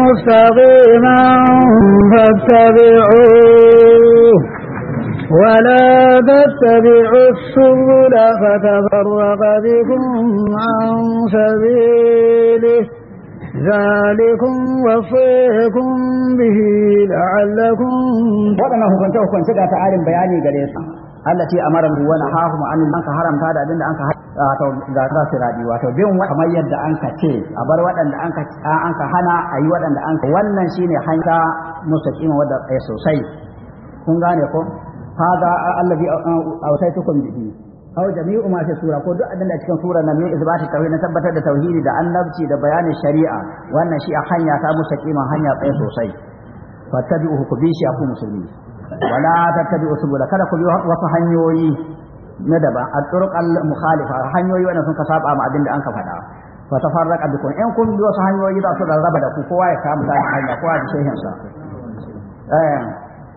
مستقيما فاتبعوه ولا تتبعوا السبل فتفرق بكم عن سبيله ذلكم وصيكم به لعلكم وانا هو كنت هو كنت قاعد تعالي بياني قريبا التي امر الهوان حاهم عن المنك حرم تعالى عدن انك حرم wato ga su rabi wato bin kamar yadda an ka ce a bar waɗanda an ka hana a yi waɗanda an ka wannan shine hanya mustaqima wadda ya sosai kun gane ko hada allazi awsaitukum bihi aw jami'u ma fi sura ko duk abin da cikin sura na ne isbatu tauhid na tabbatar da tauhidi da annabci da bayanin shari'a wannan shi a hanya ta musu mustaqima hanya tsaye sosai fattabi'uhu ku bi shi ku musulmi wala tattabi'u subula kada ku bi wasu hanyoyi na daban a turuqal mukhalifa hanyoyi wanda sun ka saba ma abin da an ka faɗa fa tafarraqa bikum in kun bi wasu hanyoyi za su rarraba da ku kowa ya kama ta hanya kowa da shehin sa eh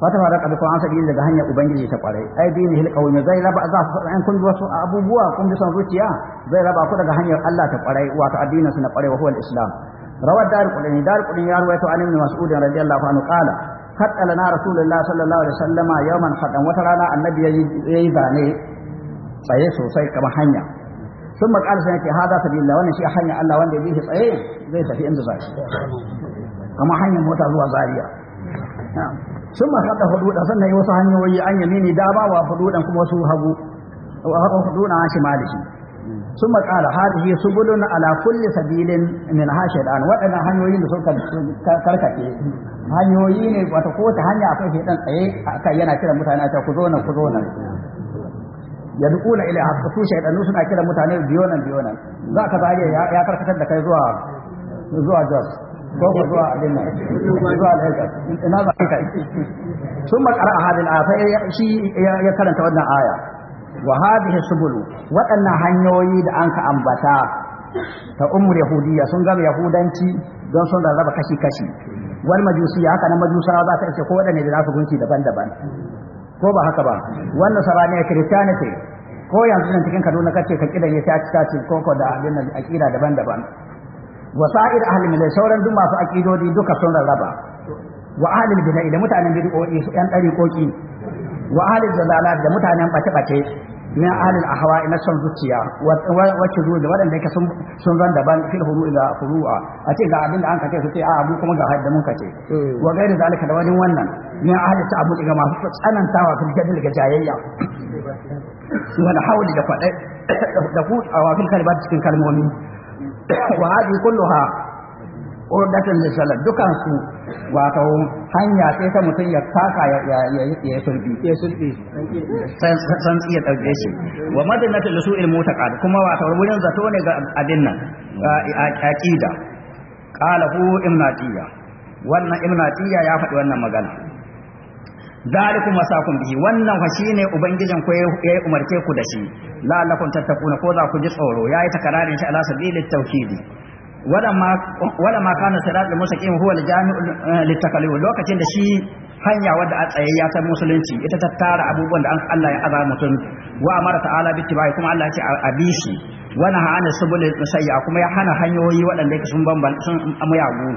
fa tafarraqa bikum an sabili daga hanyar ubangiji ta kwarai ai bi hil qawmi zai raba za su in kun bi wasu abubuwa kun bi son zuciya zai raba ku daga hanyar Allah ta kwarai wato addinin su na kwarai wa huwa islam روى الدار قلني دار قلني ya رويت عن ابن مسعود رضي الله عنه قال خط tsaye sosai kamar hanya sun makar sun yake hada ta billah wannan shi hanya Allah wanda ya bi shi tsaye zai tafi inda za shi kamar hanyar mota zuwa Zariya. sun makar da hududa sannan wasu hanyoyi an yamini da ba wa hududan kuma wasu hagu huduna an shi maliki sun makar hadihi su gudun ala kulli sabilin min hashidan waɗannan hanyoyin da suka karkace hanyoyi ne wata kowace hanya akwai shedan tsaye akai yana kiran mutane a ku zo nan ku zo nan ya dukula ila hasu shaydanu suna kiran mutane biyo biyonan biyonan za ka zage ya karkatar da kai zuwa zuwa jos ko ku zuwa abin nan zuwa lagos ina za ka sun makara a hadin a sai shi ya karanta wannan aya wa hadhihi subulu waɗannan hanyoyi da an ka ambata ta umur yahudiyya sun gama yahudanci don sun rarraba kashi kashi wal majusiya haka nan majusawa za ta ce ko waɗanne da nasu gunki daban-daban ko ba haka ba wannan sabani christianity ko yanzu nan cikin Kaduna kace ka kidan ya ta tace koko da abin nan akida daban-daban wasa'ir ahli mai sauran duk masu akidodi duka sun rarraba wa ahli bid'a da mutanen bid'o'i su yan ɗari koki wa ahli zalalat da mutanen bace-bace min a hawa na son zuciya wacce zuwa da waɗanda yake sun zan daban fil huru ila furu'a a ce ga abin da an kace su ce a abu kuma ga hadda mun kace mm. wa gairi zalika da wani wannan min ahli ta'abbud ga masu tsanantawa fil jadal ga jayayya wani hawli da kwaɗai da kutsawa fil kalbat cikin kalmomi wa hadi kulluha urdatan da shalar dukan su wato hanya sai ta mutum ya kaka ya ya ya sulbi ya sulbi san san iya dauke shi wa madinatu ta mutaqad kuma wato wurin zato ne ga abin nan aqida qala hu imnatiya wannan imnatiya ya faɗi wannan magana kuma sa kun bihi wannan fa shine ubangijin ku yi umarce ku da shi la lakum tattaquna ko za ku ji tsoro yayi takararin shi ala sabilit tauhidi wala ma kana sirat al-mustaqim huwa al-jami'u eh, litakalluf lokacin da shi hanya wadda a tsaye ya san musulunci ita ta tara abubuwan da Allah ya azama mutum wa amara ta'ala bi tibai kuma Allah ya ce a bi shi wa naha an subul musayya kuma ya hana hanyoyi waɗanda yake sun bamban sun muyagu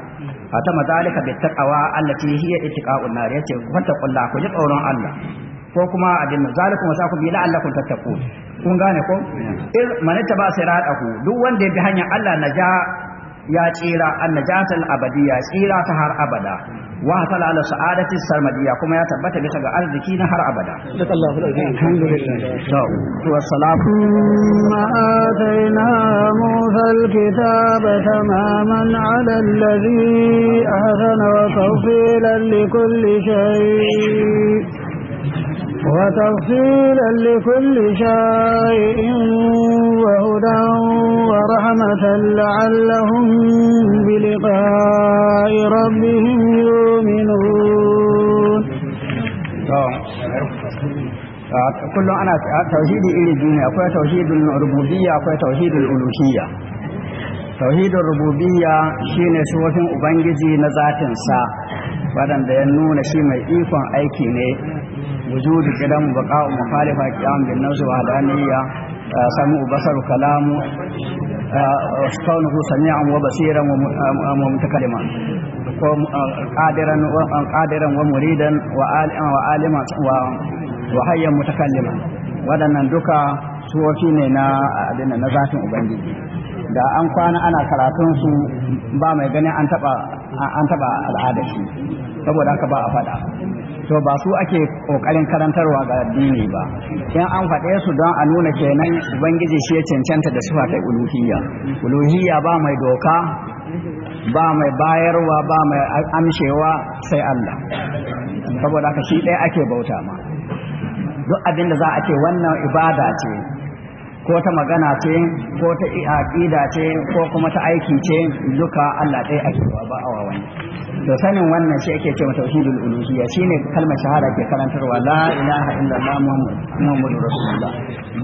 fata mazalika bi taqwa allati hiya ittiqa'un nar yace fattaqullaha ku ji tsoron Allah ko kuma abin zalikum wasaku bi la'allakum tattaqun kun gane ko ba sai raɗa ku duk wanda ya bi hanya Allah na ja. ya tsira abadi abadiyya tsira ta har abada wa hasala ala sa'adati sarmadiyya kuma ya tabbata bisa ga arziki na har abada sallallahu alaihi alhamdulillah to salatu ma ataina musa alkitaba tamaman ala alladhi ahsana wa tawfilan li kulli shay وتفصيلا لكل شيء وهدى ورحمة لعلهم بلقاء ربهم يؤمنون kullum ana tauhidi iri biyu akwai tauhidin rububiyya akwai tauhidin uluhiyya tauhidin rububiyya shine sufofin ubangiji na zatinsa waɗanda ya nuna shi mai ikon aiki ne wujudu kidan baqa'u mukhalifa kiyam bin nafs wa hadaniya eh, samu basaru kalamu eh, kaunuhu sami'an wa basiran wa eh, mutakalliman ko qadiran wa qadiran wa muridan wa alim wa alima wa wa hayyan mutakalliman waɗannan duka suwofi ne na abin na ubangiji da an kwana ana karatun su ba mai ganin an taba an al'ada shi saboda haka ba a faɗa to ba su ake kokarin karantarwa ga addini ba in an faɗe su don a nuna kenan ubangiji shi ya cancanta da sifa kai uluhiyya uluhiyya ba mai doka ba mai bayarwa ba mai amshewa sai Allah saboda haka shi ɗaya ake bauta ma duk abin da za a ce wannan ibada ce ko ta magana ce ko ta aƙida ce ko kuma ta aiki ce duka Allah ɗaya ake ba ba a wani to sanin wannan shi ake ce cewa tauhidul uluhiyya shine kalmar shahara ke karantarwa la ilaha illallah muhammadu rasulullah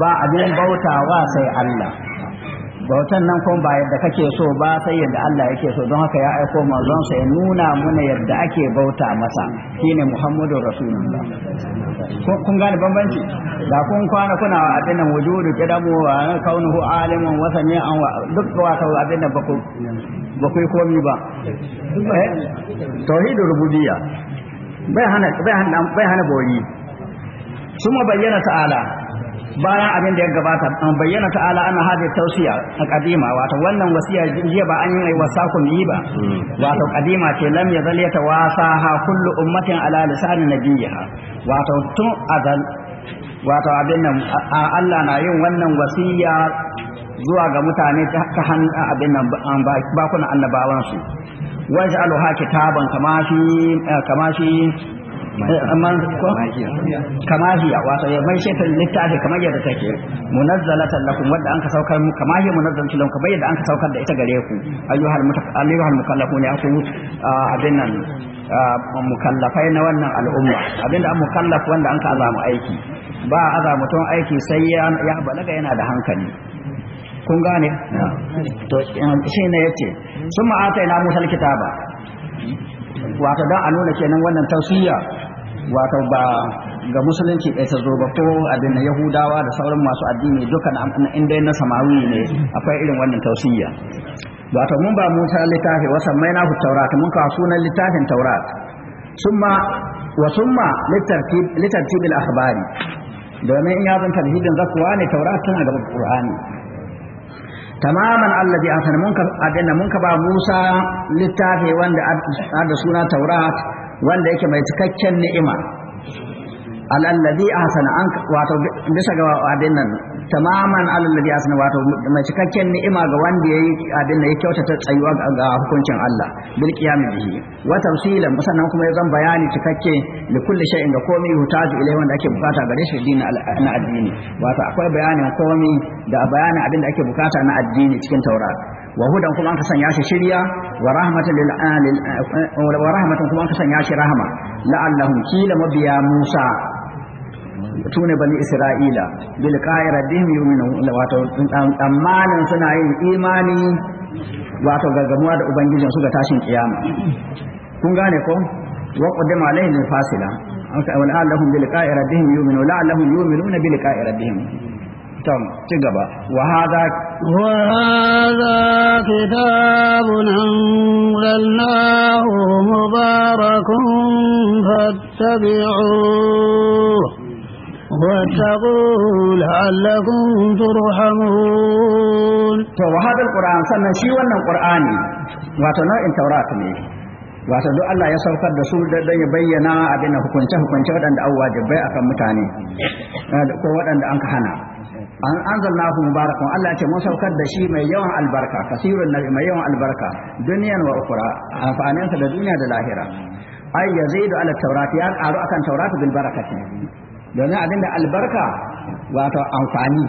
ba abin bautawa sai Allah bautan nan kuma ba yadda kake so ba sai yadda Allah yake so don haka ya aiko manzon sa ya nuna muna yadda ake bauta masa shine Muhammadu Rasulullah kun gane bambanci da kun kwana kuna abin nan wujudu kidamu wa kaunuhu alimun wa sami'an wa duk wa ta abin nan baku baku komi ba eh? tauhidur rububiyya bai hana bai hana bai hana bori suma bayyana ta'ala bayan abin da ya gabata an bayyana ta'ala ana hadin tausiya a kadima wato wannan wasiya jiya ba an yi wasa ku yi ba hmm. wato kadima ce lam ya zale ta wasa ha kullu ummatin ala lisan nabiyiha wato tun azal wato abin nan Allah na yin wannan wasiya zuwa ga mutane ta hannun abin nan bakunan annabawansu wajen aluha kitaban kama shi Eh, kama hiya wato ya mai shefin littafi kamar yadda take munazzalatan lakum wadda an ka saukar mu kama hiya munazzalatan lakum kamar yadda an ka saukar da ita gare ku ayyuhal ayyuhal mukallafun ya su ah, abin nan ah, mukallafai na wannan al'umma abinda an mukallaf wanda an ka azamu aiki ba azamu mutum aiki sai ya balaga yana da hankali kun gane to shi ne yace sun ma'ata ina musal kitaba wato don a nuna kenan wannan tausiya wato ba ga musulunci ɗaya ta zo ba ko abin na yahudawa da sauran masu addini duka na inda na samawi ne akwai irin wannan tausiyya wato mun ba musa littafi wasan mai nahu taurat mun kawo sunan littafin taurat summa wa summa litartib al-akhbari domin in yazan tarhibin zakuwa ne taurat tana da qur'ani tamaman alladhi asana mun ka abinda mun ka ba musa littafi wanda da suna taurat wanda yake mai cikakken ni'ima alalladhi ahsana an wato bisa ga abin nan tamaman alalladhi ahsana wato mai cikakken ni'ima ga wanda yayi abin nan ya kyautata tsayuwa ga hukuncin Allah bil qiyamah bihi wa tafsilan musannan kuma ya zan bayani cikakke da kulli shay'in da komai hutaju ilai wanda ake bukata gare shi din na addini wato akwai bayanin komai da bayanin abin da ake bukata na addini cikin taurat wa hudan kuma an sanya shi shirya wa rahmatan lil alil ah, ah, eh, wa rahmatan kuma an sanya shi rahama la'allahum kila mabiya Musa tune bani Isra'ila bil qa'ira bihim yu'minun wato tsammanin suna yin imani wato gagamuwa da ubangijin su ga tashin kiyama kun gane ko wa qaddama alaihim fasila an ka wal alahum bil qa'ira bihim yu'minun la'allahum yu'minuna bil qa'ira bihim tam ci gaba wa hada wa hada kitabun anzalnahu mubarakun fattabi'uhu واتقوا لعلكم ترحمون to wa hadal qur'an sannan shi wannan qur'ani wato nau'in taurat ne wato duk Allah ya saukar da su da ya bayyana abin hukunce hukunce waɗanda an wajibai akan mutane eh, ko waɗanda an ka hana an anzalnahu mubarakun Allah ya ce mun saukar da shi mai yawan albarka kasirun nabi mai yawan albarka duniyan wa ukura amfanin sa da duniya da lahira ay yazidu ala tawrat ya karu akan tawrat bil barakati domin abin da albarka wato amfani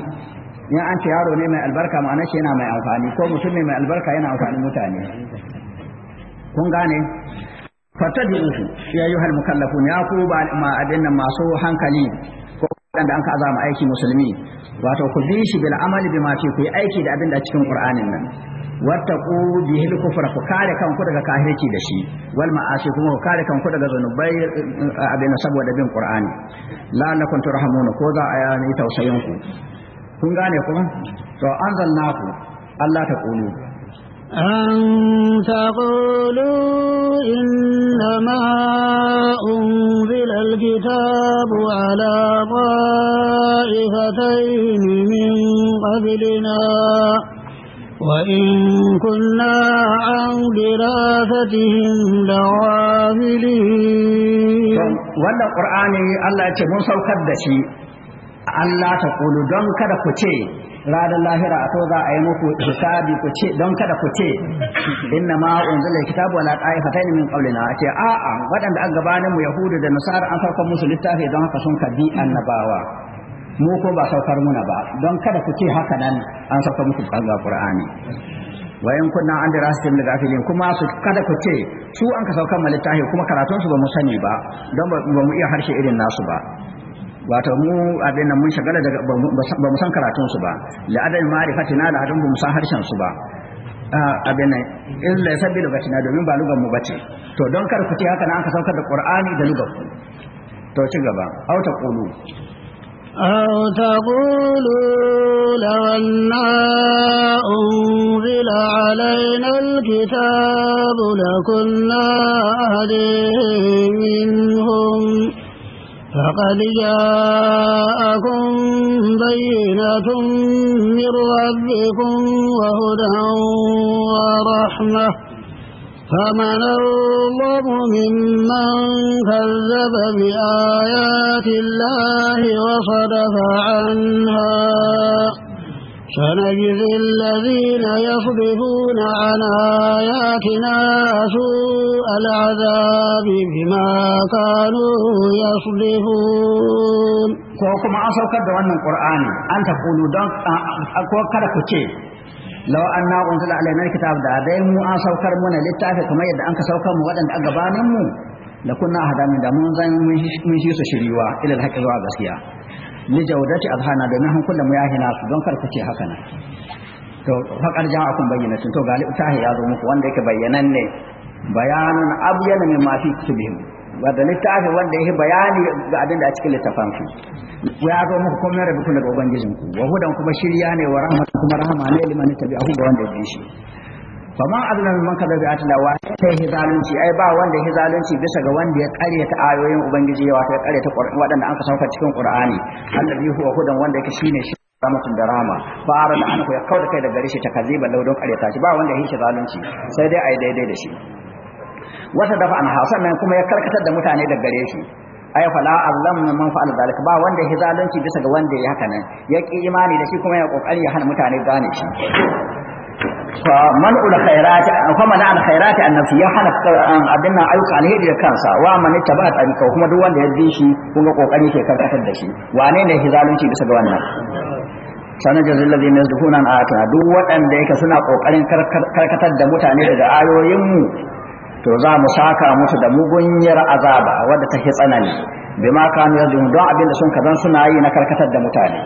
in an ce yaro ne mai albarka ma'ana shi yana mai amfani ko mutum ne mai albarka yana amfani mutane kun gane fatabi'uhu ya ayyuhal mukallafun ya ku ba ma abin masu hankali ko wanda an ka azama aiki musulmi wato ku bi shi bil amali bima ce ku yi aiki da abinda da cikin qur'anin nan wattaqu bihil kufra ku kare kanku daga kafirci da shi wal ma'asi kuma ku kare kanku daga zanubai eh, abin da saboda bin qur'ani la lakum turhamuna ko za a yi tausayin ku kun gane kuma to anzalnaku Allah ta kulu أن تقولوا إنما أنزل الكتاب على طائفتين من قبلنا وإن كنا عن دراستهم لغافلين ولا قرآن الله يتمنى سوكت Allah ta kulu don kada ku ce ranar lahira a za a yi muku hisabi ku ce don kada ku ce inna ma unzila kitabu wala ta'ifatayn min A ce a a waɗanda an gabanin mu yahudu da nasara an farko musu littafi don haka sun kabi annabawa mu ko ba saukar muna ba don kada ku ce haka nan an saukar muku kalma qur'ani wa in kunna an dirasatin da gafilin kuma su kada ku ce su an ka saukar mu littafi kuma karatun su ba mu sani ba don ba mu iya harshe irin nasu ba wato mu abin nan mun shagala daga ba mu san karatun su ba la adam na da hadin mu san harshen su ba ah, abin nan in la sabbi lugatina domin ba lugan mu bace to don kar ku ce haka nan aka saukar da qur'ani da lugan ku to ci gaba au ta qulu أو تقولوا لو أنا أنزل علينا الكتاب لكنا أهدي منهم فقد جاءكم بينة من ربكم وهدى ورحمة فمن الله ممن كذب بآيات الله وصدف عنها سنجزي الذين يصدفون عن آياتنا سوء العذاب بما كانوا يصدفون كوكما أصوك دوان من القرآن أن تقولوا دون أكوك كاركوتي لو أننا أنزل علينا الكتاب دادين مو أصوك رمونا لتعفي كما يدى أنك سوك مغدا أقبان مو لكنا أهدا من دمون زين من شيء سشريوا إلى الحق الوعب السياح li jawdati azhana domin kullum mu ya hina su don karku ce haka nan to kun bayyana tun. to galibu tahi ya zo muku wanda yake bayyanan ne bayanun abyana min ma fi kutubihim wanda littafi wanda yake bayani ga abin da a cikin littafan ku. ya zo muku kuma rabu daga ubangijinku ku wa hudan kuma shirya ne wa rahmatan kuma rahama ne liman tabi'ahu ga wanda ya bi shi faman azlan man kada bi atla wa sai hizalunci ai ba wanda hizalunci bisa ga wanda ya kare ta ayoyin ubangiji ya wato ya kare ta qur'ani wadanda an kasauka cikin cikin qur'ani allazi huwa hudan wanda yake shine shi ramatun da rama fara da anku ya kauda kai daga rishi takaziba laudon kare ta shi ba wanda ya hishi zalunci sai dai ai daidai da shi wata dafa an hasan nan kuma ya karkatar da mutane daga gare shi ay fala allam man fa'al zalika ba wanda ya zalunci bisa ga wanda ya haka nan ya ki imani da shi kuma ya kokari ya hana mutane gane shi فمنع الخيرات فمنع الخيرات النفسية حنا أبنا أيوك عليه إذا كان سا ومن اتبع طريقه وهم دوان ده ديشي كنا قوقني كي كان كتر دشي وأنا نه هزالون شيء بس جوانا sana jazi lazi ne zuhunan duk waɗanda yake suna ƙoƙarin karkatar da mutane daga ayoyinmu to za mu saka musu da mugunyar azaba wadda ta tsanani bima kanu yazun don abin da sun kazan suna yi na karkatar da mutane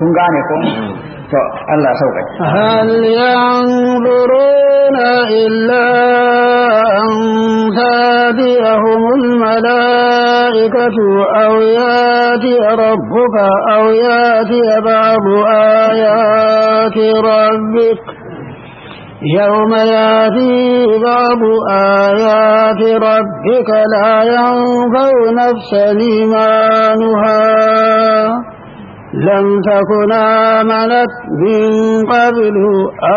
kun gane ko to Allah sauka hal yanzuruna illa an tadiyahumul malaikatu aw yati rabbuka aw yati ba'du ayati rabbika يوم ياتي بعض آيات ربك لا ينفع نفسا إيمانها لم تكن آمنت من قبل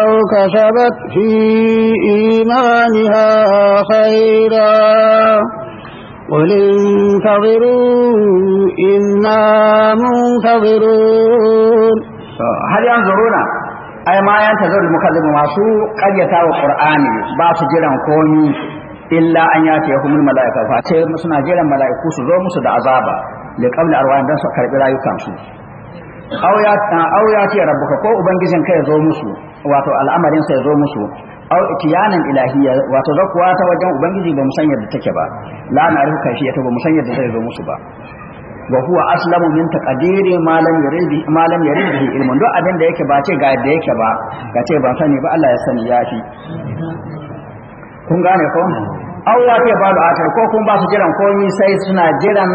أو كسبت في إيمانها خيرا قل انتظروا إنا منتظرون هل ينظرون أي ما ينتظر المكذب masu ƙaryata wa Qur'ani ba su jiran komi illa an yace humul mala'ika fa suna jiran mala'iku su zo musu da azaba da qabla arwahin dan su karɓi karbi su? Auya ya ce rabuka ko ubangijin ka ya zo musu wato al'amarin sa ya zo musu au itiyanan ilahiyya wato zakuwa ta wajen ubangiji ba mu yadda take ba la na ruka shi ta ba mu yadda zai zo musu ba wa huwa aslamu min taqdiri malam lam yurid ma lam ilmun abin da yake ba ce ga yadda yake ba ga ce ban sani ba Allah ya sani ya fi kun gane ko aw ya ba da ko kun ba su jiran komai sai suna jiran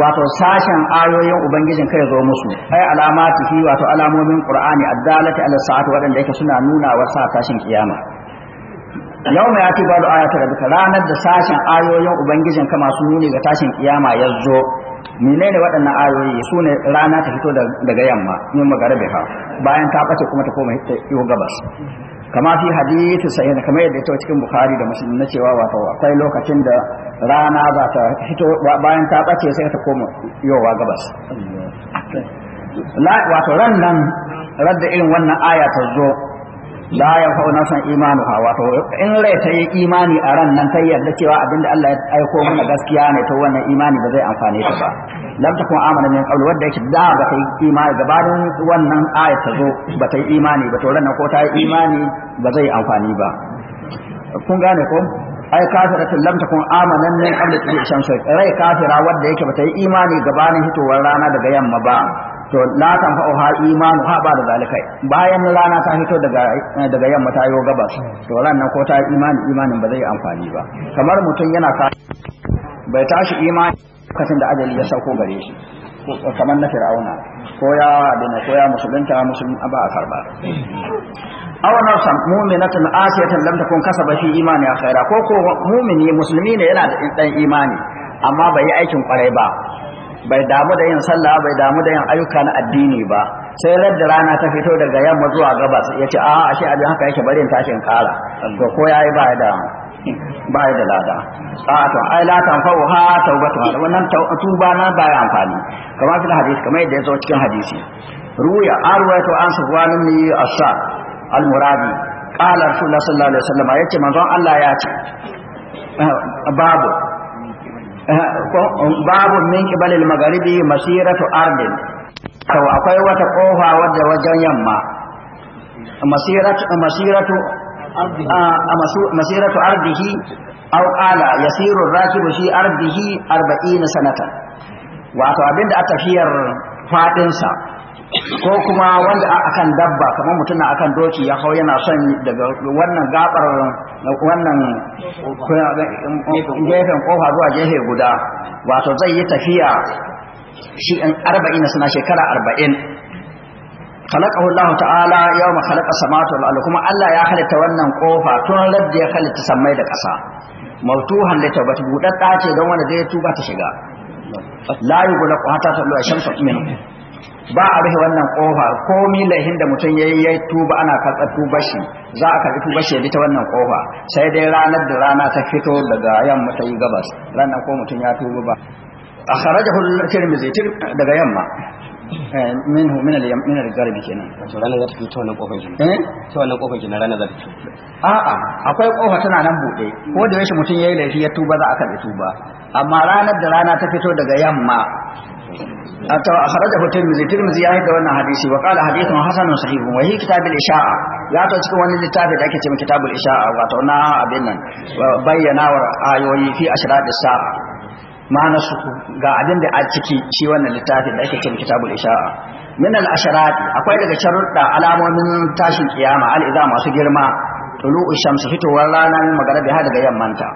wato sashen ayoyin ubangijin kai zo musu ay alamati fi wato alamomin qur'ani addalati ala sa'ati wadanda yake suna nuna wa sa tashin kiyama yawma yati ba'du ayati rabbika ranar da sashen ayoyin ubangijin ka masu nuni ga tashin kiyama yazo menene waɗannan ayoyi su ne rana ta fito daga yamma yin magarabi biha bayan ta ɓace kuma ta koma yau gabas kama fi hadithu sahih kama yadda tawa cikin bukhari da muslim na cewa wato akwai lokacin da rana za ta fito bayan ta ɓace sai ta koma yowa gabas wato ran nan radda irin wannan aya ta zo la nasan nafsan ha wato in rai ta yi imani a ran nan ta da cewa abinda Allah ya aiko mana gaskiya ne to wannan imani ba zai amfane ta ba lam takun amana min qawl wanda yake da ba ta yi imani gabanin wannan ayat ta zo ba ta yi imani ba to ran ko ta yi imani ba zai amfani ba kun gane ko ai kafiratun lam takun amana min qabl tulu'i shamsi rai kafira wanda yake ba ta yi imani gabanin hitowar rana daga yamma ba to la ha imanu ha ba da zalikai bayan rana ta fito daga eh, daga yamma ta yo gabas to ranan ko ta imani imanin ba zai amfani ba kamar mutum yana ka bai tashi imani lokacin da ajali ya sauko gare shi kamar na fir'auna ko ya dina ko ya musulunta musulmi ba a karba aw san mu'minatan asiyatan lam takun kasaba fi imani akhira ko ko mu'mini musulmi ne yana da dan imani amma bai yi aikin kwarai ba bai damu da yin sallah bai damu da yin ayyuka na addini ba sai radda rana ta fito daga yamma zuwa gabas ya ce a ashe abin haka yake bari in tashi in kara to ko yayi ba da ba da lada a to ai la ta fa ha taubatu wannan tuba na ba ya amfani kamar fil hadisi kamar yadda ya zo cikin hadisi ruya to an nan ibn asha al-muradi qala rasulullah sallallahu alaihi wasallam yace manzon Allah ya ce babu Eh, babu min kibalil magharibi masiratu ardin to akwai wata kofa wadda wajen yamma masiratu masiratu masiratu ardihi aw ah, ah, qala yasiru rakibu shi ardihi 40 sanatan wato abinda a tafiyar fadin sa ko kuma wanda akan dabba kamar mutum na akan doki ya hau yana son daga wannan gabar wannan gefen kofa zuwa gefe guda wato zai yi tafiya shi in arba'in na suna shekara arba'in khalaqahu Allah ta'ala yawma khalaqa samawati wal kuma Allah ya halitta wannan kofa tun radda ya halitta samai da ƙasa mautuhan da tabbata budadda ce don wanda zai tuba ta shiga la yughlaqu hatta tulu ash-shamsu minhu ba a rufe wannan kofa ko lahin da mutum ya yi tuba ana karɓar tuba shi za a karɓi tuba shi ta wannan kofa sai dai ranar da rana ta fito daga yamma ta yi gabas ranar ko mutum ya tuba ba a kharajahu al-tirmidhi daga yamma eh, minhu min al min al-garbi kenan to ranar za ta fito wannan kofar kenan eh to wannan kofar kenan ranar za ta fito a'a akwai kofa tana nan bude ko da yashi mutum yayi laifi ya tuba za a karɓi tuba amma ranar da rana ta fito daga yamma اتى احد ابو تيميه تيرمزي ياي ده wannan hadisi wa qala hadithun hasanun sahihun wa hi kitab isha'a ya to cikin wani littafin da ake cima kitab al isha'a wa to na abin nan wa bayyana wa ayoyi fi ashrad al sa'a ga abin da a shi wannan littafin da ake cewa kitab isha'a min al akwai daga sharuda alamomin tashin kiyama al masu girma tulu'u shamsu fitowar ranar magarabi har daga yammanta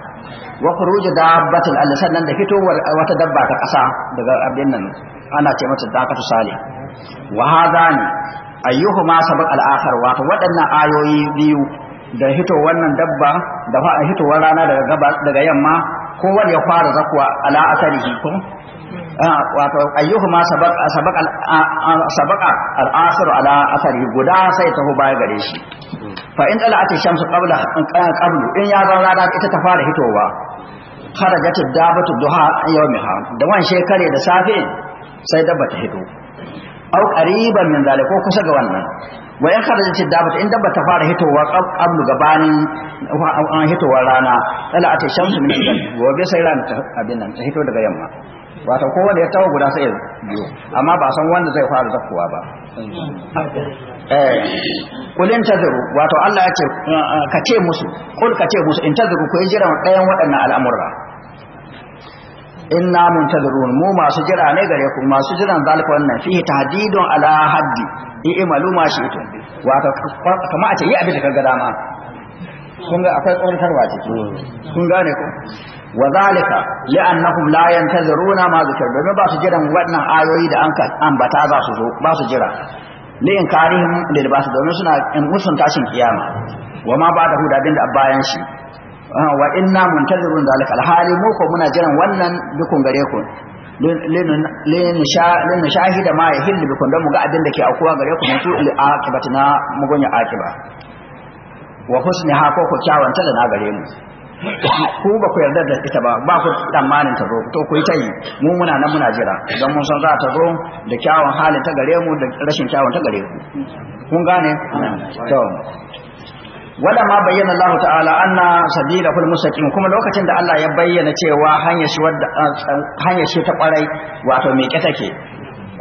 wa khuruju dabbatin al sannan da fitowar wata dabba ta kasa daga abin nan ana ce mata dakatu sale wa ni ayyuhuma sabaq al akhar wa waɗannan ayoyi biyu da fito wannan dabba da fa fitowar rana daga gaba daga yamma ko wani ya fara zakwa ala asarihi ko Ah, wato ayyuhuma sabaq sabaq sabaq al-asr ala asari guda sai taho baya gare shi fa in tala'at ash-shamsu qabla qablu in ya zan rana ita ta fara hitowa kharajat ad-dabatu duha yawmiha da wan shekare da safe sai dabba ta hito au qariban min zalika ko kusa ga wannan wa in kharajat ad-dabatu in dabba ta fara hitowa qablu gabanin an hitowar rana tala'at ash-shamsu min al-ghad wa bi sai ran ta abin nan ta hito daga yamma wato kowanne ya tawo guda sai ya biyo amma ba san wanda zai fara zakkuwa ba kulin tazuru wato Allah ya ce ka ce musu kul ka ce musu tazuru ku jira ɗayan waɗannan al'amura inna muntazirun mu masu jira ne gare ku masu jiran zalika wannan fihi tahdidun ala haddi i'malu ma shi'tum wato kuma a ce yi abin da kaga dama Sun ga akwai tsoratarwa ciki Sun gane ko wa zalika li'annahum la yantaziruna ma zikr domin ba su jiran wannan ayoyi da an ambata za su zo ba su jira li da ba su domin suna musun tashin kiyama wa ma ba da hudabin da bayan shi ah, wa inna muntazirun zalika alhali mu ko muna jiran wannan dukun gare ku lin shahida ma yahillu bikum don mu ga abin da ke aukuwa gare ku mutu li akibatina gonya akiba wa ha ko ku kyawanta da na gare mu ku ba ku yarda da ita ba ba ku tsammanin ta zo to ku yi ta yi mu muna nan muna jira don mun san za ta zo da kyawun halin ta gare mu da rashin kyawun ta gare ku kun gane to wala ma bayyana Allah ta'ala anna sabila kul mustaqim kuma lokacin da Allah ya bayyana cewa hanya shi wadda hanya shi ta kwarai wato me ke take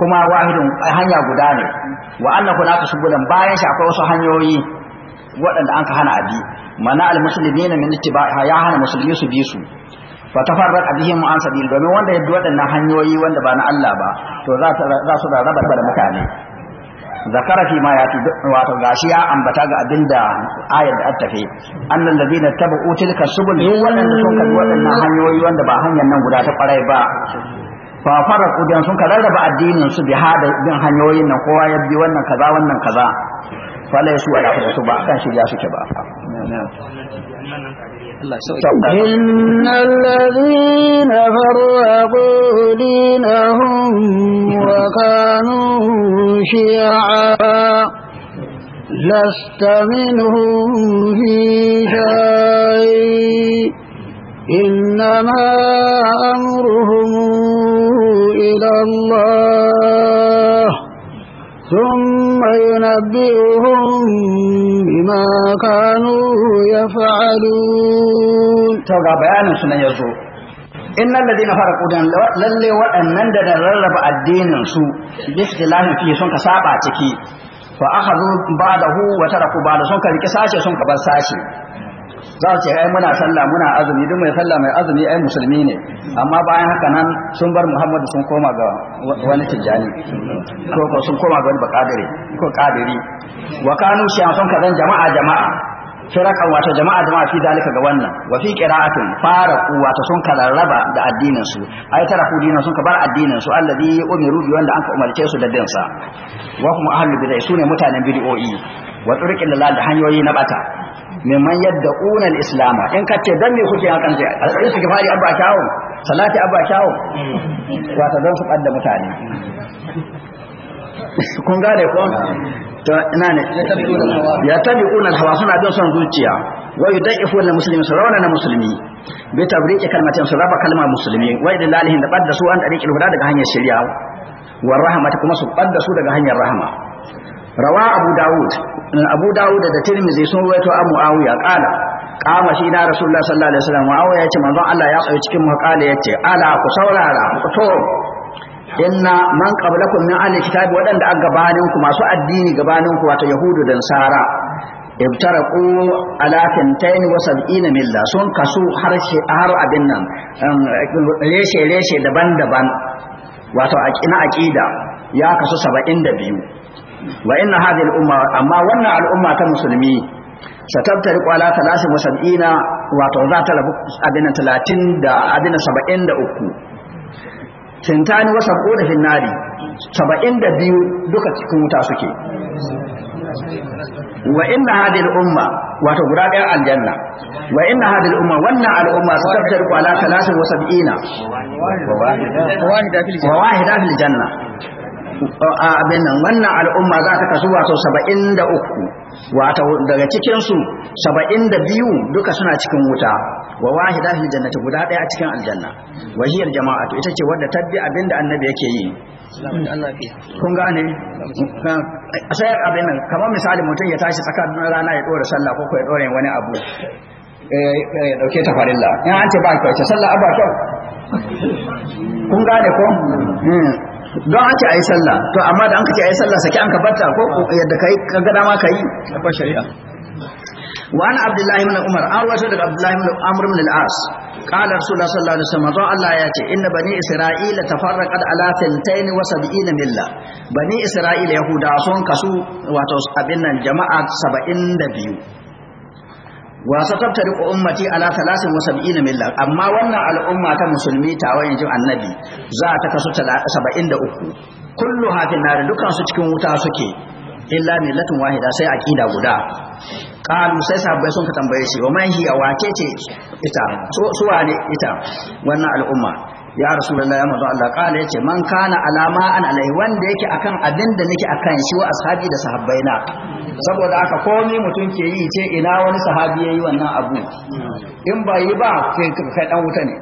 kuma wahidun hanya guda ne wa annahu la tusbulan bayan shi akwai wasu hanyoyi waɗanda an ka hana abi mana al-muslimina min ittiba'iha ya hana musulmi su bi su fa tafarraqa bihim an sabil domin wanda ya bi waɗannan hanyoyi wanda ba na Allah ba to za za su da raba da mutane zakara fi ma yati wato gashi ya ambata ga abinda ayar da attafe annal ladina tabu'u tilka subul waɗanda sun kalli waɗannan hanyoyi wanda ba hanyar nan guda ta kwarai ba fa faraqu dan sun kararraba addinin su bi hada bin hanyoyin nan kowa ya bi wannan kaza wannan kaza fala yasu ala fara su ba akan shirya suke ba إن الذين فرقوا دينهم وكانوا شيعا لست منهم في شيء إنما أمرهم إلى الله ثم وينبئهم بما كانوا يفعلون توقع بيان سنة يزو إن الذين فرقوا دين للي وأنن دين رلب الدين سو باختلاف فيه سنك سابع تكي فأخذوا بعده وتركوا بعده سنك لكساشي سنك بساشي za su ce ai muna sallah muna azumi duk mai sallah mai azumi ai musulmi ne amma bayan haka nan sun bar muhammadu sun koma ga wani tijjani ko ko sun koma ga wani bakadiri ko kadiri wa kanu ka dan jama'a jama'a firaqan wato jama'a jama'a fi dalika ga wannan wa fi qira'atin faraqu wato sun kalarraba da addinin su ai ku dinin sun bar addinin su allazi umiru bi wanda anka umarce su da dinsa wa kuma ahlul bid'ah sune mutanen bid'o'i wa turqil lalal da hanyoyi na bata mimman yadda unan islama in ka ce don me kuke hakan ce alƙarfi ki fari abba kyawun salati abba kyawun wata don su ɓadda mutane kun gane ko to ina ne ya tabi unal hawa suna don son zuciya wa yudaifu lil muslimi sarawna na muslimi bi tabriki kalmatin saraba kalma muslimi wa idlalihin da ɓadda su an tariqil huda daga hanyar shari'a wa rahmat kuma su ɓadda su daga hanyar rahama. rawa abu dawud eh, abu dawud da tirmizi sun ruwaito a muawiya qala kama shi na rasulullah sallallahu alaihi wasallam muawiya yace manzo Allah ya tsaye cikin makala yace ala ku saurara ku to inna man qablakum min ahli kitabi wadanda an gabanin ku masu addini gabanin ku wato yahudu da nasara ibtaraku ala tantain wa sab'ina milla sun kasu har shi har abin nan reshe reshe daban-daban wato na aqida ya kasu 72 wa inna hadhihi al-umma amma wannan al'umma ta musulmi satabtari qala 73 wato za ta rabu abin 30 da abin 73 sintani wa sab'una fi nari 72 duka cikin wuta suke wa inna hadhihi al-umma wato guda ɗaya aljanna wa inna hadhihi al-umma wannan al-umma satabtari qala 73 wa wahida fil janna abin nan wannan al'umma za ta kasu wato uku, wato daga cikinsu saba'in da biyu duka suna cikin wuta wa wahida fil jannati guda daya a cikin aljanna wa jama'a jama'atu ita ce wadda ta tabbi abinda annabi yake yi kun gane sai abin nan kamar misali mutum ya tashi tsakanin rana ya ɗora sallah ko ya dora wani abu eh, ya dauke ta farilla in an ce ba kyau ce sallah ba kyau kun gane ko hmm. don ake ce a yi sallah to amma da an ka ce a yi sallah saki an ka ko yadda ka yi ka gada ma ka yi akwai shari'a wa ana abdullahi min umar an rawaito daga abdullahi min amr min al-as qala rasulullah sallallahu alaihi wasallam to Allah ya ce inna bani isra'ila tafarraqat ala 72 milla bani isra'ila yahuda sun kasu wato abin nan jama'a 72 wasa tabtari ko ummati ala talasin wa sab'ina milla amma wannan al'umma ta musulmi ta tawa jin annabi za ta kasu 73 kullu hafin nar dukan su cikin wuta suke illa millatun wahida sai aqida guda qalu sai sahabbai sun ka tambaye shi wa man hiya wace ce ita so suwa ne ita wannan al'umma ya rasulullahi ya Allah kala yace man kana alama an alai wanda yake akan abin da nake akan shi wa ashabi da sahabbaina saboda aka komai mutum ke yi ce ina wani sahabi yayi wannan abu in ba yi ba kai dan wuta ne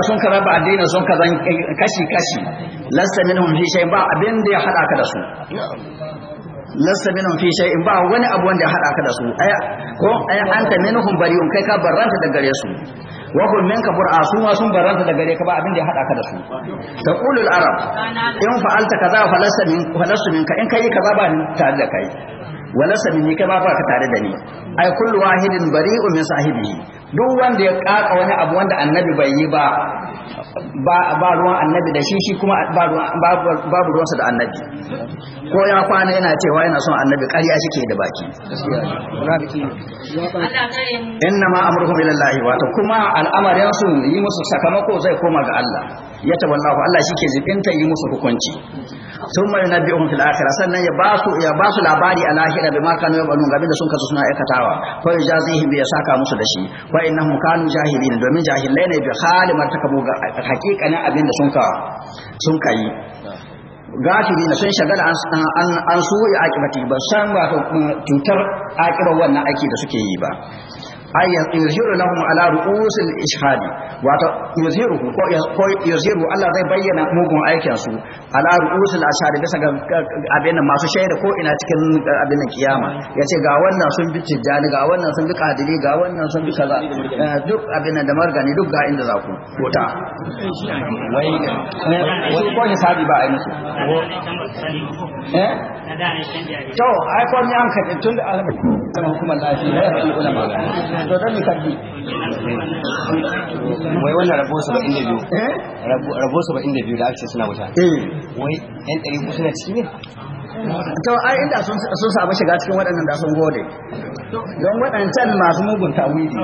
sun kara ba addinin sun kashi kashi lasta minhum shi shay ba abin da ya hada ka da su lasta minhum fi shay'in ba wani abu wanda ya hada ka da su aya ko aya anta minhum bari'un kai ka barranta da gare su wa hum minka bur'a su ma sun barranta da gare ka ba abin da ya hada ka da su taqulul arab in fa'alta kaza falasta min falastu in kai kaza ba ni tare da kai Wala nasabi ni kai ba ka tare da ni ai kullu wahidin bari'un min sahibihi duk wanda ya kaka wani abu wanda annabi bai yi ba ba ruwan annabi da shi shi kuma babu ruwansa da annabi ko ya kwana yana cewa yana son annabi ƙarya shi da baki inna ma amurkum wa wato kuma al'amarin su yi musu sakamako zai koma ga Allah ya tawallahu Allah shi ke zibinta yi musu hukunci na biyu fil akhirah sannan ya basu ya basu labari a lahira bima kanu yabanun gabe da sun kasu suna aikatawa ya yajazihim bi yasaka musu da shi wa innahum kanu jahilin domin jahilai ne bi hali martakabu ga hakikanin abin da sun ka sun kai gafiri na sun shagala an an su ya akibati ba san ba mm, cutar akibar wannan aiki da suke yi ba ayyan yuzhiru lahum ala ru'usil ishadi, wato yuzhiru ko yuzhiru Allah zai bayyana mugun aikin su ala ru'usil ashadi, bisa ga abin masu shaida ko ina cikin abin kiyama yace ga wannan sun bi tijjani ga wannan sun bi qadili ga wannan sun bi kaza eh, duk abin da margani duk ga inda za ku kota wai ko sabi ba ai musu eh to ai ko ni an ka tun da alama hukumar lafiya ulama to dan mi kaddi wai wannan rabo 72 eh rabo 72 da ake suna wuta eh. wai yan ɗari ku suna ciki ne to ai inda sun sun samu shiga cikin waɗannan da sun gode don waɗancan masu mugun tawili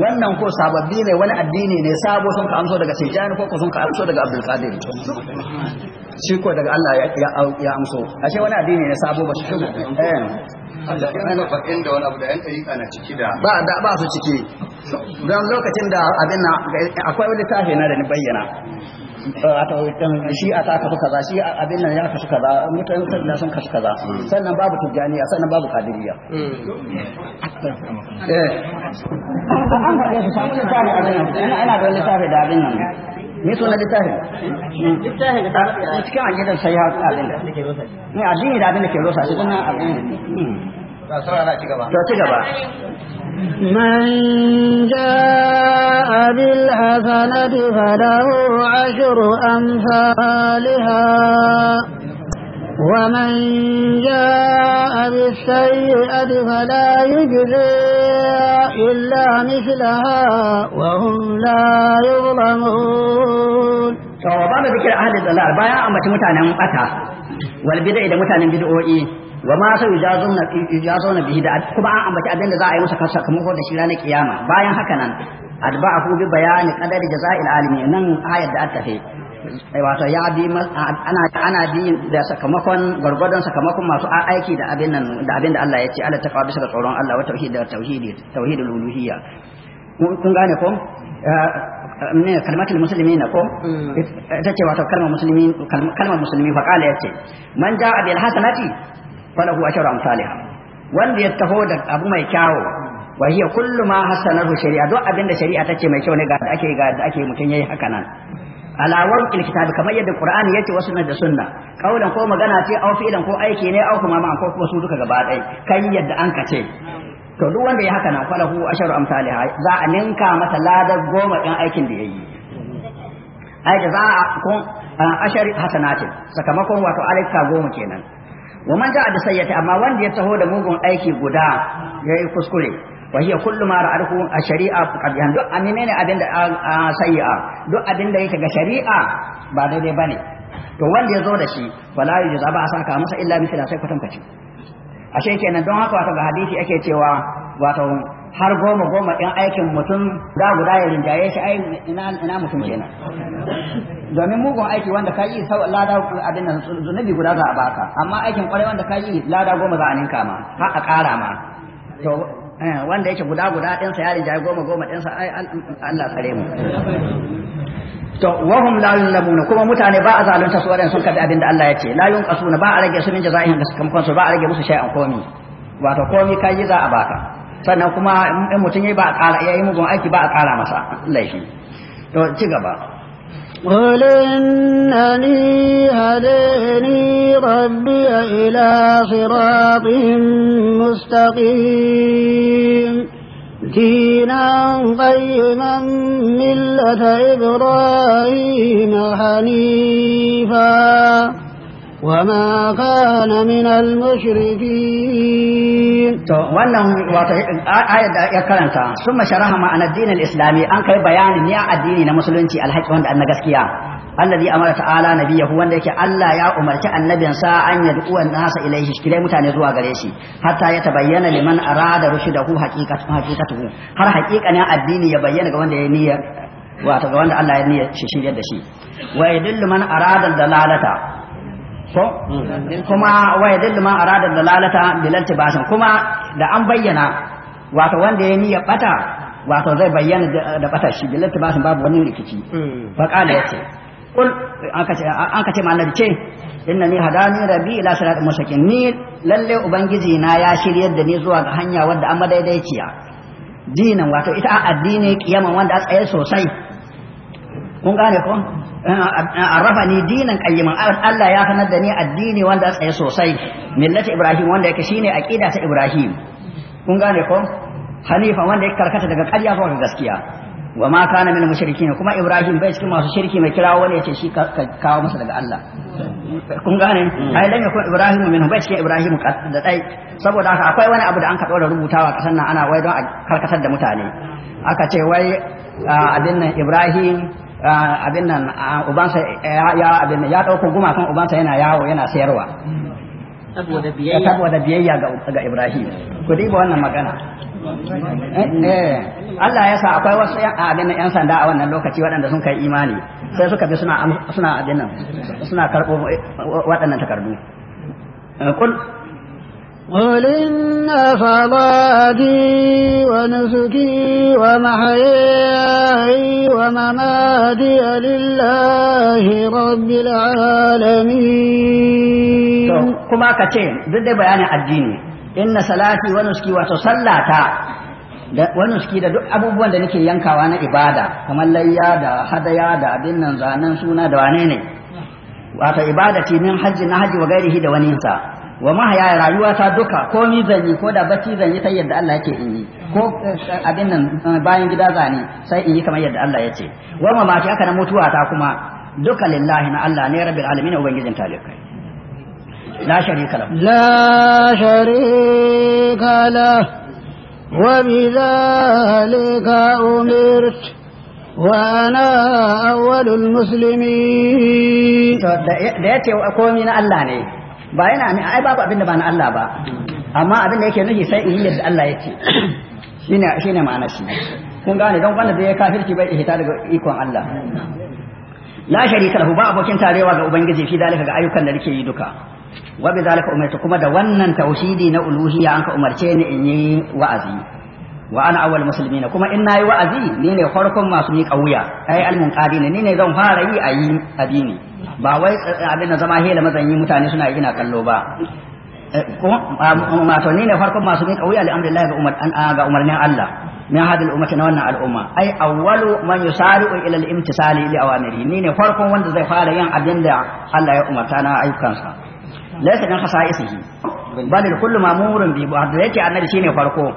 wannan ko sababbi ne wani addini ne sabo sun ka amso daga Tijani ko sun ka amso daga Abdul Qadir shi ko daga Allah ya amso ashe wani addini ne sabo ba shi eh Allah ya rana bakin da wani abu da yan tarika ciki da ba da ba su ciki don lokacin da abin na akwai wani tafi na da ni bayyana eh, um, shi a ta kasu kaza shi abin nan ya kasu kaza mutane sannan sun kasu kaza sannan babu tijjaniya sannan babu kadiriya hmm. eh. ana da wani littafi da abin nan me suna littafin littafin da ta cikin aqidan sai ya abin da ke rusa ni addini da abin da shi kuma abin to gaba to ci من جاء بالحسنة فله عشر أمثالها ومن جاء بالسيئة فلا يجزي إلا مثلها وهم لا يظلمون to ba mu zikir ahli dalal baya ambaci mutanen bata wal da mutanen bid'o'i wa ma sai yujazun na yujazun bihi da kuma an ambaci abinda za a yi masa kasa kamar ko da shi ranar kiyama bayan haka nan adba'ahu bi bayani qadari jaza'il alimi nan ayat da aka tafi wato ya bi ana ana bi da sakamakon gwargwadon sakamakon masu aiki da abin nan da abin da Allah ya ce Allah ta kawo bisa ga tsoron Allah wa tauhid da tauhidi tauhidul uluhiyya kun gane ko eh, ne kalmatul na ko mm. ita ce wato kalmar musulmi kalmar musulmi fa kala yace man ja'a bil hasanati falahu ashru amsalha wanda ya taho da abu mai kyawo wa hiya kullu ma hasanahu shari'a duk abin da shari'a tace mai kyau ne ga da ake ga da ake mutun yayi haka nan alawar kitabi kamar yadda Qur'an yake wasu da sunna kaulan ko magana ce au fi'lan ko aiki ne au kuma ma ko kuma su duka gaba ɗaya kai yadda an ka ce to duk wanda ya haka na falahu asharu amsalha za a ninka masa ladar goma ɗin aikin da yayi ai da za a kun asharu hasanati sakamakon wato alaika goma kenan wa man da sayyati amma wanda ya taho da mugun aiki guda yayi kuskure a shari'a وهي كل ما رأته الشريعة قد يهن دو أمينين أبين da دو ga shari'a ba بعد ذي بني to wanda ya zo da shi wala yi za ba a saka masa illa misali sai kwatankwaci ashe kenan don haka wato ga hadisi ake cewa wato har goma goma ɗin aikin mutum da guda ya rinjaye shi ai ina mutum kenan domin mugun aiki wanda ka yi lada abin da zunubi guda za a baka amma aikin kwarai wanda ka yi lada goma za a ninka ma ha a ƙara ma to Eh, wanda yake guda guda ɗin sa yarin jaye goma goma ɗin sa ai Allah tsare mu to wahum la yunlamuna kuma mutane ba a zalunta su waɗanda sun kabi abinda Allah ya ce la yunqasuna ba a rage su min jazaihin da sakamakon su ba a rage musu shay'an komi wato komi ka yi za a baka sannan kuma in mutum yayi ba a kara yayi mugun aiki ba a kara masa laifi to ci gaba قل إنني هديني ربي إلى صراط مستقيم دينا قيما ملة إبراهيم حنيفا وما كان من المشركين to wannan wato ayat da ya karanta summa sharaha ma'ana addinin islami an kai bayanin ne addini na musulunci alhaqi wanda na gaskiya alladhi amara ta'ala nabiyahu wanda yake Allah ya umarci annabinsa an yad'u an-nasa ilayhi shikire mutane zuwa gare shi hatta ya tabayyana liman arada rushdahu haqiqatu haqiqatuhu har haqiqanin addini ya bayyana ga wanda ya niyya wato ga wanda Allah ya niyya shi shirye da shi wa yadullu man arada dalalata ko kuma wa yadullu ma arada dalalata bil basan? kuma da an bayyana wato wanda ya niyya bata wato zai bayyana da bata shi bil basan babu wani rikici hmm. fa kana yace kul an ka ce ma annabi ce inna ni hadani rabbi ila siratin mustaqim ni lalle ubangiji na ya shiryar da ni zuwa ga hanya wadda an madaidaiciya dinan wato ita addini kiyama wanda a tsaye sosai kun gane ko arrafani dinan qayyiman Allah ya sanar da ni addini wanda ya tsaye sosai millati ibrahim wanda yake shine aqida ta ibrahim kun gane ko hanifa wanda yake karkata daga ƙarya zuwa gaskiya wa ma kana min mushrikin kuma ibrahim bai cikin masu shirki mai kirawo wani yace shi ka kawo masa daga Allah kun gane ai dan yakun ibrahim min bai cikin ibrahim da dai saboda haka akwai wani abu da an ka dora rubutawa kasan nan ana wai don a karkatar da mutane aka ce wai abin nan ibrahim Ah, abin nan ah, ubansa eh, ya abin ya dauko gumakan ubansa yana yawo yana sayarwa saboda eh, biyayya saboda biyayya ga Ibrahim ku diba wannan magana eh, Allah ya sa akwai wasu yan ah, abin nan yan sanda a wannan lokaci waɗanda sun kai imani sai suka bi suna suna abin nan suna karɓo waɗannan takardu قل إن صلاتي ونسكي ومحياي ومماتي لله رب العالمين كما كتين ضد بيان الدين إن صلاتي ونسكي وتصلاتا wani suki da duk abubuwan da nake yankawa na ibada kamar layya da hadaya da abin nan zanen suna da wane ne wato ibadati min hajji na wa gairihi da waninsa wa mahaya rayuwa ta duka ko ni zan yi ko da bacci zan yi sai yadda Allah yake in yi ko eh, abin nan eh, bayan gida zane sai in yi kamar yadda Allah ya ce wa mamaki aka na mutuwa ta kuma duka lillahi na Allah ne rabbil alamin ubangijin talikai la sharika la. la sharika la wa bidhalika wa وانا اول المسلمين da yace komi na Allah ne ba yana ne ai babu abin da ba na Allah ba amma abin da yake nufi sai in yi yadda Allah ya ce shine shine ma'ana shi kun gane don wanda da ya kafirci bai ihita daga ikon Allah la sharika lahu ba abokin tarewa ga ubangiji fi dalika ga ayyukan da nake yi duka wa bi dalika umaitu kuma da wannan tauhidi na uluhiyya an ka umarce ni in yi wa'azi wa ana awwal muslimina kuma in nayi wa'azi ni ne farkon masu miƙa wuya ai almun qadina ni ne zan fara yi a yi addini ba wai eh, abin zama hela mazan yi mutane suna yi ina kallo ba eh, um, wato ni ne farkon masu miƙa wuya li amrillahi ga umar an ah, ga umarnin Allah min hadal ummati na wannan al'umma ai awwalu man yusari'u ila al-imtisali li awamiri ni ne farkon wanda zai fara yin abin da Allah ya umarta na ayyukansa laysa min khasa'isihi bal kullu ma'murun bi da yake annabi shine farko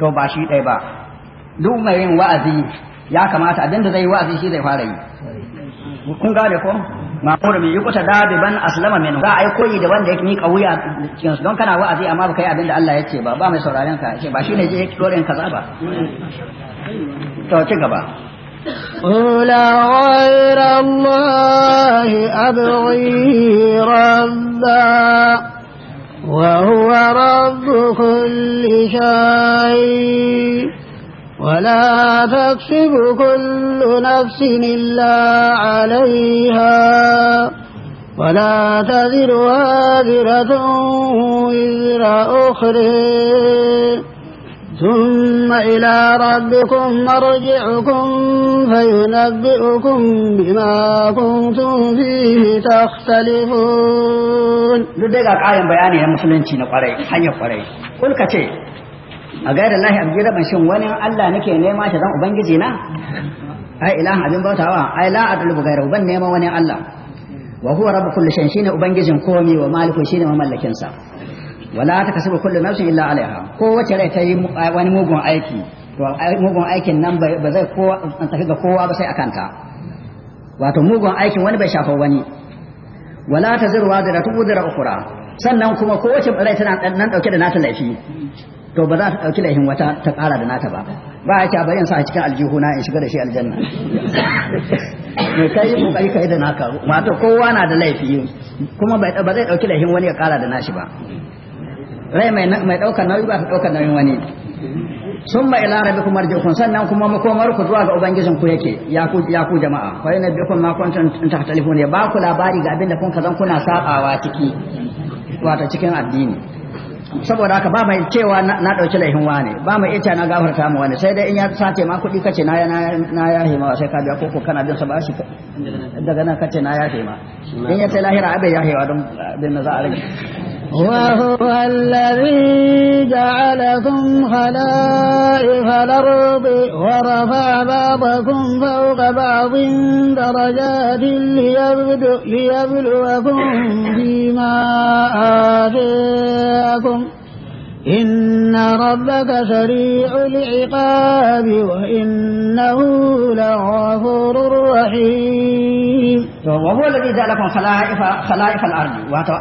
to ba shi ɗaya ba duk mai yin wa'azi ya kamata abin da zai yi wa'azi shi zai fara yi kun gane ko mamur mai yukuta aslama min za a yi koyi da wanda ya miƙa wuya cikin su don kana wa'azi amma ba kai abin da Allah ya ce ba ba mai sauraren ka ce ba ne je yake dole kaza ba to ci gaba قل غير الله أبغي ربا وهو رب كل شيء ولا تكسب كل نفس إلا عليها ولا تذر وازرة وزر أخرى ثم إلى ربكم مرجعكم فينبئكم بما كنتم فيه تختلفون duk dai ga ƙarin bayani na musulunci na ƙwarai hanyar ƙwarai kulka ce a gairar lahi abu gida shin wani Allah nake nema shi zan ubangiji ai ilahan abin bautawa ai la adlubu gaira ban neman wani Allah wa huwa rabbu kulli shay'in shine ubangijin wa shine mamallakin wala ta kasaba kullu nafsin illa alaiha ko wace rai ta yi wani mugun aiki to mugun aikin nan ba zai kowa tafi ga kowa ba sai akanta wato mugun aikin wani bai shafa wani wala ta zirwa da tu udra ukhra sannan kuma ko wace rai tana nan dauke da nata laifi to ba za ta dauki laifin wata ta kara da nata ba ba a ce bari in sa a cikin aljihuna in shiga da shi aljanna me kai kokari kai da naka wato kowa na da laifi kuma ba zai dauki laifin wani ya kara da nashi ba rai mai mai daukar nauyi ba ta daukar nauyin wani sun ba ila rabbikum marji'ukum sannan kuma makomar ku zuwa ga ubangijin ku yake ya ku ya ku jama'a fa yana bikum ma ta telefon ya ba ku labari ga abin da kun kazan kuna sabawa ciki wato cikin addini saboda haka ba mai cewa na dauki laifin wani ba mai ita na gafarta mu wani sai dai in ya sace ma kuɗi kace na na ya hima sai ka biya ko ko kana bin sa ba shi daga nan kace na ya hima in ya sai lahira abai ya hewa don din za a rage وهو الذي جعلكم خلائف الأرض ورفع بعضكم فوق بعض درجات ليبلوكم فيما آتيكم إن ربك سريع العقاب وإنه لغفور رحيم وهو الذي لكم خلائف خلائف الأرض وهو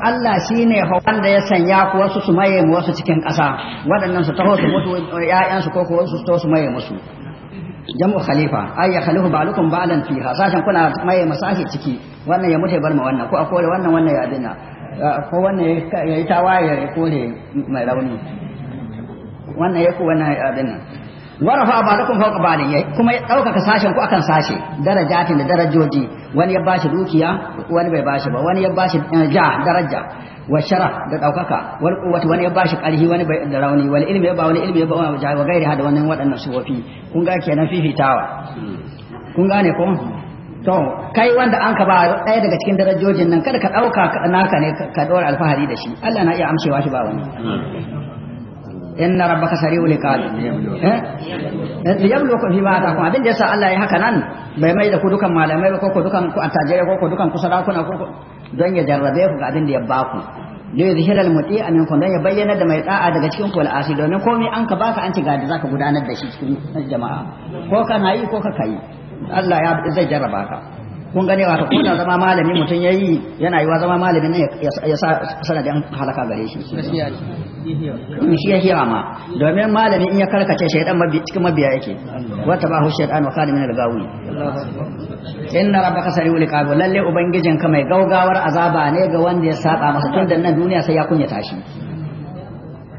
سيني هو عند يسنياك وسوس ميم وسوس كين أسا وهذا الناس تروس موت ويا ينسكوك وسوس توس ميم وسوس جمع خليفة أي خليفة بعلكم بعدا فيها ساشن كنا ميم ساشي تكي وانا يموت يبرم وانا كو أقول وانا وانا يا دينا Eh, ko wannan ya yi tawaye ya kore mai rauni wannan ya kuwa na abin nan warafa ba da kun fauka bani yayi kuma ya ɗaukaka sashen ku akan sashe darajatin da darajoji wani ya bashi dukiya wani bai bashi ba wani ya bashi eh, ja daraja wa sharaf da ɗaukaka wal quwwati wani ya bashi ƙarfi wani bai da rauni wal ilmi ya ba wani ilmi ya ba wani ja wa gairi hada wannan waɗannan sufofi kun ga kenan fifitawa kun gane ko to kai wanda an ka ba ɗaya daga cikin darajojin nan kada ka ɗauka naka ne ka ɗora alfahari da shi Allah na iya amshewa shi ba wani inna rabbaka sari'ul iqab eh, eh liyabluwakum ta kuma abin da yasa Allah ya haka nan bai mai da ku dukan malamai ba ko ku dukan ku attajire ko ku dukan ku sarakuna ko don ya jarrabe ku ga abin da ya ba ku da yuzhira almuti an kun dan ya bayyana da mai da'a daga cikin ku al'asi domin komai an ka baka an ci ga da zaka gudanar da shi cikin jama'a ko na yi ko ka kai Allah ya zai jarraba ka kun gane wato ko zama malami mutum yayi yana wa zama malamin ne ya sa sanadin halaka gare shi shi ya hira ma domin malami in ya karkace dan mabi cikin mabiya yake wata ba hu shaydan wa kana min al-gawi inna rabbaka sari'ul qabu lalle ubangijin ka mai gaugawar azaba ne ga wanda ya saba masa tun da nan duniya sai ya kunya tashi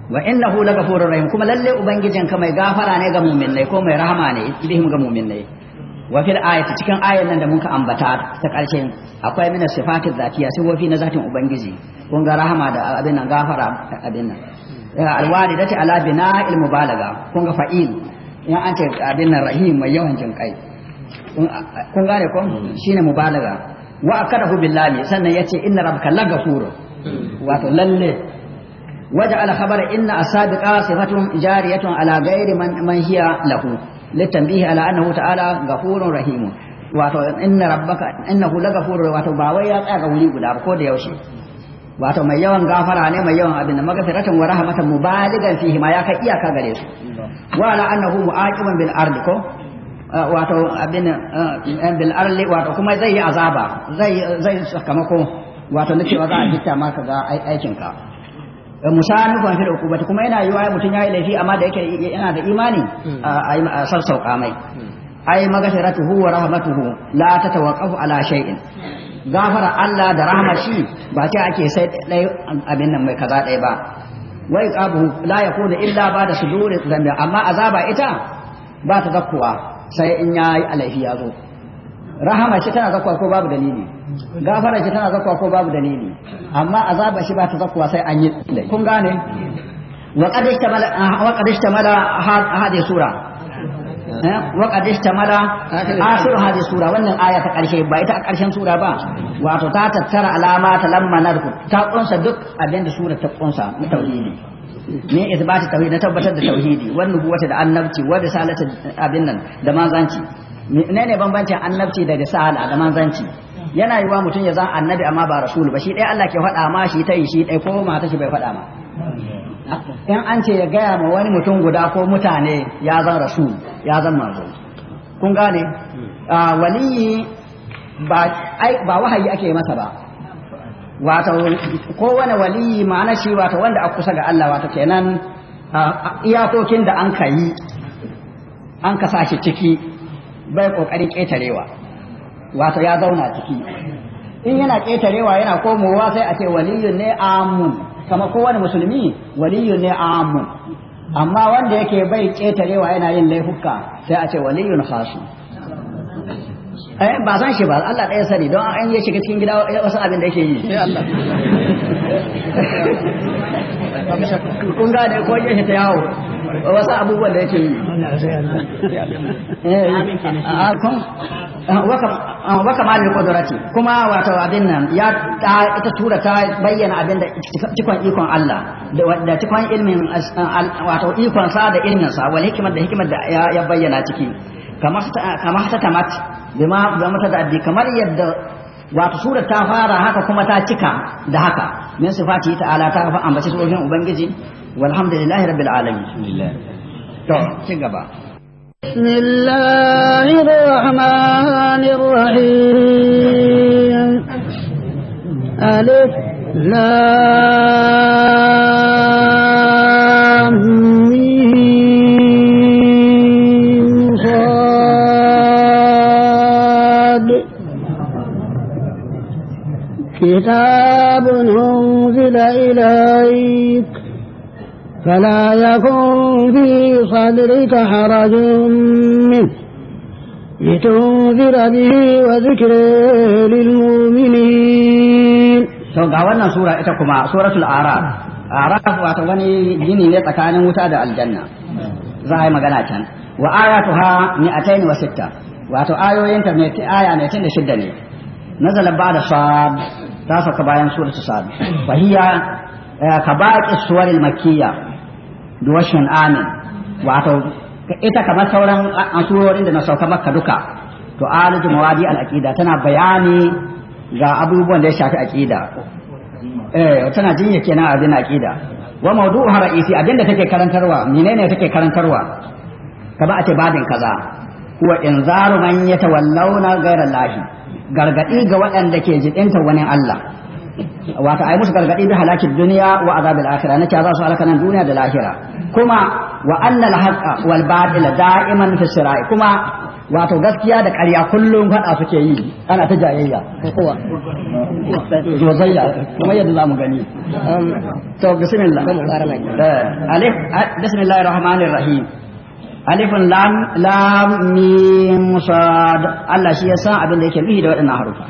wa innahu lagafurur rahim kuma lalle ubangijin ka mai gafara ne ga mu'minnai ko mai rahama ne idihim ga mu'minnai wa fil cikin ayan nan da muka ambata ta karshe akwai mina sifatil zatiya sifofi na zatin ubangiji kun ga rahama da abin nan gafara abin nan alwalidati ala bina'il mubalaga kun ga fa'il in an ce abin nan rahim mai yawan jin kai kun gane ko shine mubalaga wa akadahu billahi sannan yace inna rabbaka lagafur wato lalle inna asabiqa sifatun jariyatun ala ghairi litanbihi ala annahu ta'ala ghafurur rahim wato inna rabbaka innahu laghafurur wato ba wai ya tsaya ga wuri guda ba ko da yaushe wato mai yawan gafara ne mai yawan abin da magfiratan wa rahmatan mubaligan fihi ma ya kai iyaka gare su wa la annahu mu'aqiban bil ardi ko wato abin bil ardi wato kuma zai yi azaba zai sakamako wato na cewa za a maka ga aikin ka musanifan fil uqubati kuma yana yiwa mutum yayi laifi amma da yake yana da imani hmm. a sassauka mai ai magashiratuhu wa rahmatuhu la tatawaqqafu ala shay'in gafara Allah da rahmashi ba ta ake sai dai abin nan mai kaza dai ba wai qabu la yakunu illa ba da suduri dhanbi amma azaba ita ba ta zakkuwa sai in yayi alaifi ya zo rahama shi tana zakuwa ko babu dalili gafara shi tana zakuwa ko babu dalili amma azaba shi ba ta zakuwa sai an yi tsilai kun gane wa kadishta mala wa hadi sura eh? wa kadishta mala asir hadi sura wannan aya ta karshe ba ita a karshen sura ba wato ta tattara alama ta lamma na ta kunsa duk abin da sura ta kunsa na tauhidi ne isbati tauhid na tabbatar da tauhidi wan nubuwata da annabci wa risalata abin nan da manzanci ne ne bambancin annabci da risala da manzanci yana yiwa mutum ya zan annabi amma ba rasulu ba shi dai Allah ke faɗa ma shi ta yi shi dai ko mata shi bai faɗa ma in an ce ya gaya ma wani mutum guda ko mutane ya zan rasul ya zan manzo kun gane ah, waliyi ba wahayi ake masa ba wato kowane waliyi ma'ana shi wato wanda a kusa ga Allah wato kenan iyakokin da an yi an ka sashi ciki bai kokarin ƙetarewa wato ya zauna ciki in yana ƙetarewa yana komowa sai a ce waliyun ne amun kama kowane musulmi waliyun ne amun amma wanda yake bai ƙetarewa yana yin laifuka sai a ce waliyun hasu eh ba san shi ba Allah ɗaya sani don an yi shiga cikin gida wasu abin da yake yi sai Allah kun ga da ko shi ta yawo wasu abubuwan da yake yi a eh, eh. ah, kun ah, waka ah, malin kudurati kuma wata abin nan ya ita tura ta bayyana abin da cikon ikon Allah da cikon ilmin wato ikon sa da ilmin sa wal hikimar da hikimar da ya bayyana ciki kamar ta tamat bima ta da kamar yadda wato sura ta fara haka kuma ta cika da haka min sifati ta'ala ta fa ambaci sojojin ubangiji walhamdulillahi rabbil alamin to ci gaba بسم الله الرحمن الرحيم ألف لام كتاب أنزل إليك فلا يكن في صدرك حرج منه لتنذر به وذكر للمؤمنين سوغا وانا سورة اتكما سورة الأعراف أعراف واتواني جيني لتكان متادة الجنة زاي مغاناتان وآياتها مئتين وستة واتو مئتين آية مئتين شدني نزل بعد صاد ta sauka bayan suratu sabi fa hiya eh, ka baqi suwaril makkiya duwashin amin wato ita kamar sauran asurorin da na sauka maka duka to alu mawadi al aqida tana bayani ga abubuwan da ya shafi aqida eh tana jinya kenan abin aqida wa mawdu'uha ra'isi abinda take karantarwa menene take karantarwa kaba a ce badin kaza huwa inzaru man yatawallawna ghayra lahi gargadi ga waɗanda ke jidinta wani Allah wata ai musu gargadi bi halakin duniya wa azabil na nace za su halaka nan duniya da lahira kuma wa anna al-haqqa wal batila da'iman fi sirai kuma wato gaskiya da ƙarya kullum faɗa suke yi ana ta jayayya kowa zozayya kuma yadda za gani um, to bismillah eh, alif bismillahir rahmanir rahim alifin lam mim sad Allah shi ya san abin da yake nufi da waɗannan harufa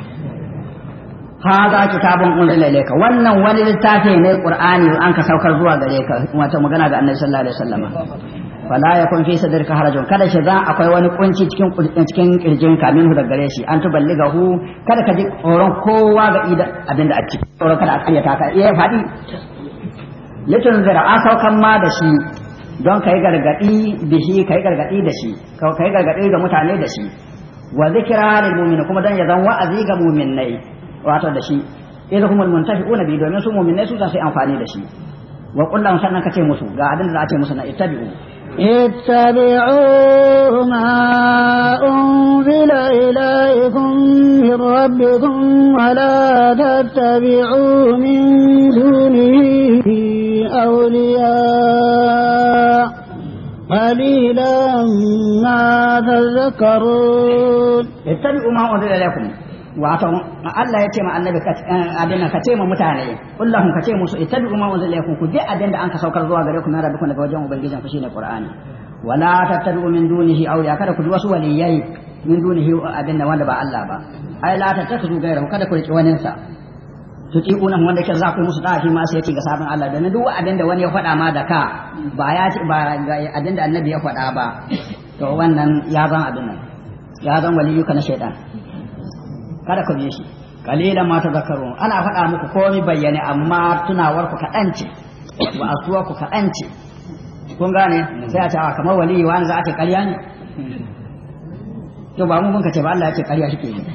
hada kitabun unzila ilayka wannan wani littafi ne qur'ani an ka saukar zuwa gare ka wata magana ga annabi sallallahu alaihi wasallam fala yakun fi sadrika harajun kada shi za akwai wani kunci cikin cikin kirjin ka minhu da gare shi an tuballigahu kada ka ji tsoron kowa ga ida abinda a ciki tsoron kada a karyata ka eh fadi litun zira a saukan ma da shi don kai gargadi ka yi gargaɗi da shi kai gargaɗi ga mutane da shi wa zikira muminai mu'min kuma don ya zan wa'azi ga muminai wato da shi idan humul muntafiquna bi domin su mu'minnai su za su amfani da shi wa kullum sannan ce musu ga abin da za a ce musu na ittabi'u اتبعوا ما أنزل إليكم من ربكم ولا تتبعوا من دونه أولياء قليلا ما تذكرون اتبعوا ما أنزل إليكم wato Allah ya ce ma annabi eh, abin ka ce ma mutane kullahum ka ce musu ittabi'u ma unzila ilaykum ku je abin da an ka saukar zuwa gare ku na rabbikum daga wajen ubangijin ku shine qur'ani wala tattabi'u min dunihi ya kada ku bi wasu waliyai min dunihi abin wanda ba Allah ba ai la tattakhudhu gairu kada ku riƙe wani sa kuna wanda ke za ku musu da fi ma sai ki ga sabon Allah da duk abin da wani ya faɗa ma da ka ba ya ce ba abin da annabi ya faɗa ba to wannan ya zan abin nan ya zan waliyuka na shaytan kada ku bi shi kalilan ma zakaru ana faɗa muku komai bayyane amma tunawar ku kaɗan ce asuwa ku kaɗan ce kun gane sai a ce ah, kamar waliyu wani za a ce ƙarya ne to ba mu mun ka ce ba Allah ya ce ƙarya shi ke yi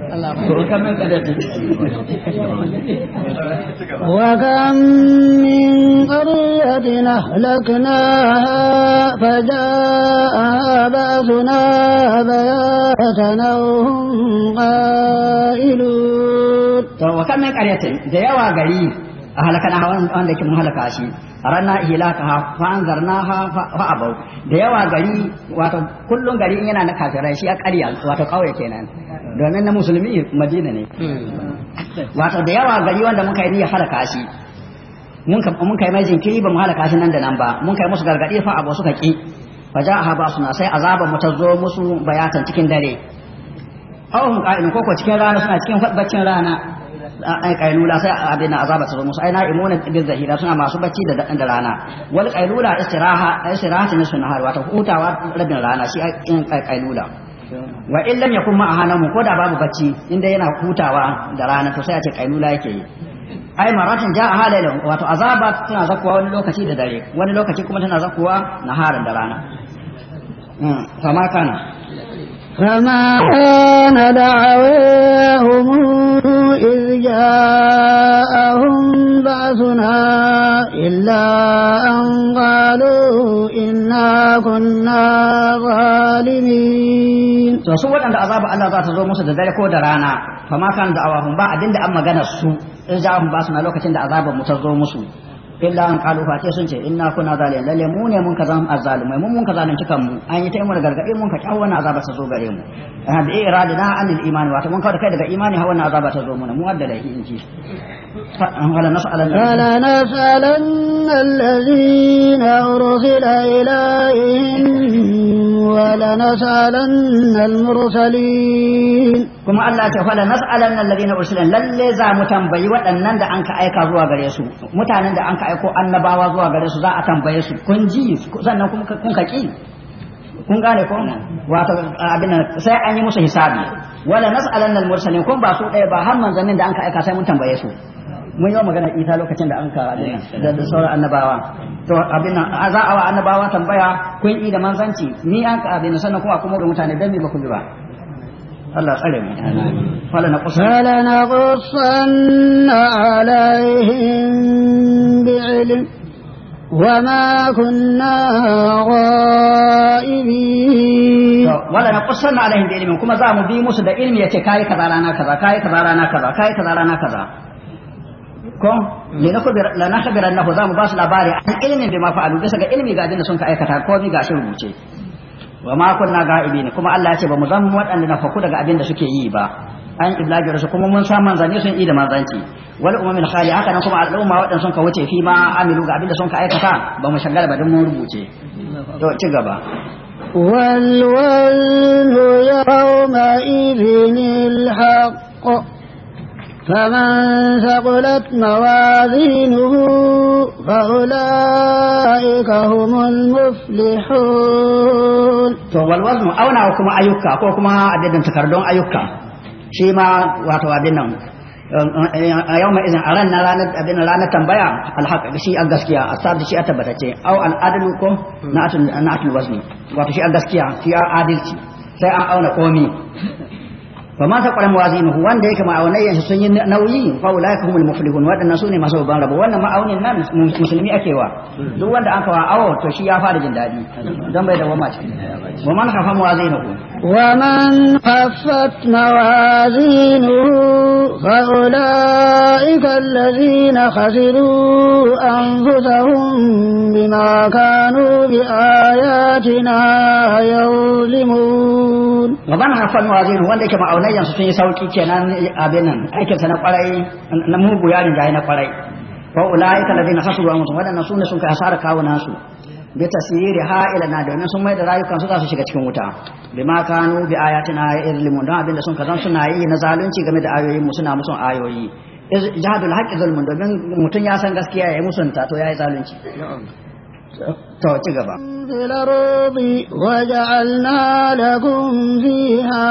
وكم من قرية أهلكناها فجاءها بأسنا بياتا وهم قائلون وكم من قرية da yawa gari ahlakana wanda yake mun halaka shi ranna ha fa ha fa abau da yawa gari wato kullun gari yana na kafirai shi a ƙarya wato kauye kenan domin na musulmi madina ne wato da yawa gari wanda muka yi niyyar halaka shi mun kai mai jinkiri ba mu halaka shi nan da nan ba mun kai musu gargadi fa abau suka ki fa ha ba suna sai azaba mu ta zo musu bayatan cikin dare aw hum qa'ilun koko cikin rana suna cikin baccin rana ai kailula sai abin azaba ta musu ai na'imuna bil zahira suna masu bacci da da rana wal kailula istiraha istiraha ne suna har wato hutawa rabin rana shi ai kailula wa in lam yakun ma ahanamu ko da babu bacci inda yana hutawa da rana to sai a ce kailula yake yi ai maratin ja halalin wato azaba tana zakuwa wani lokaci da dare wani lokaci kuma tana zakuwa harin da rana فما hmm, Kana. فما كان دعواهم جاءهم بأسنا إلا أن قالوا إنا كنا ظالمين to su waɗanda azaba Allah za ta zo musu da dare ko da rana fa ma kan da awahum ba abinda an magana su in ja'ahum ba suna lokacin da azabar mu ta zo musu illa an qalu fa sun ce inna kuna zalimin lalle mu ne mun kaza azzalimai mun mun kaza cikan mu an yi ta mu gargaɗe mun ka kyawu wannan azaba ta zo gare mu da irada da anil imani wato mun kawo da kai daga imani ha wannan azaba ta zo mu mu wadda da in ji فلنسألن الذين أرسل إليهم ولنسألن المرسلين كما الله تعالى فلنسألن الذين أرسل للي زا متنبي وأنن دا أنك أيكا زوا غريسو متانن دا أنك أيكو أنباوا زوا غريسو زا أتنبيسو كنجي سنن كنكا كي kun gane ko wato abin sai an yi musu hisabi wala nas'alanna al-mursalin kun ba su ɗaya ba har manzannin da an ka aika sai mun tambaye su mun yi magana isa lokacin da an kara da da sauran annabawa to abin nan za a wa annabawa tambaya kun yi da manzanci ni an ka abin sannan kuma kuma da mutane dan me ba ku bi ba Allah tsare mu falana alaihim bi'ilm وما كنا غائبين ولا نقصن عليهم بعلم كما زعموا بي موسى ده علم يتي كاي كذا رانا كذا كاي كذا رانا كذا كاي كذا رانا كذا Kom? la nakhbir annahu zamu basu labari an ilmin bima fa'alu bisa saka ilmi ga abinda sun ka aikata ko mi ga shi rubuce wa ma kunna ga'ibin kuma Allah ya ce ba mu zan waɗanda na faku daga abinda suke yi ba an iblagi rasu kuma mun san manzanni sun yi da manzanci wal umamil khali haka nan kuma al'umma wadan sun ka wuce fi ma amilu ga abinda sun ka aikata ba mu shagala ba dan mun rubuce to ci gaba والوزن يومئذ الحق فمن ثقلت موازينه فأولئك هم المفلحون to walwazn auna kuma ayyuka ko kuma adadin takardun ayyuka shi ma wato abin nan yau mai a ran abin ranar tambaya alhaq shi a gaskiya a sadu shi a tabbatace au al'adalu ko na atul wazni wato shi a gaskiya shi a adalci sai an auna komi fa ma sa qalam wanda yake ma'aunai yansu sun yi nauyi fa ulaika humul muflihun wadannan sune masu babban rabo wannan ma'aunin nan musulmi ake duk wanda an kawa awo to shi ya fara jin don bai dawo ma ciki wa man khafa mawazinuhu wa man khaffat mawazinuhu fa ulaika alladhina khasiru anfusahum bima kanu bi ayatina wa wanda ma'aunai ai yanzu sun yi sauki kenan abin nan aikin sa na kwarai na mugu yarin rinjaye na kwarai wa ladina hasu wa mutum wadannan sune sun kai asara kawo nasu bi tasiri ha ila na da sun mai da rayukan su za su shiga cikin wuta bi ma kanu bi ayatina yirlimun don abin da sun kazan suna yi na zalunci game da ayoyin mu suna musun ayoyi jihadul haqqi zulmun domin mutun ya san gaskiya ya yi musunta to yi zalunci to ci gaba وجعلنا لكم فيها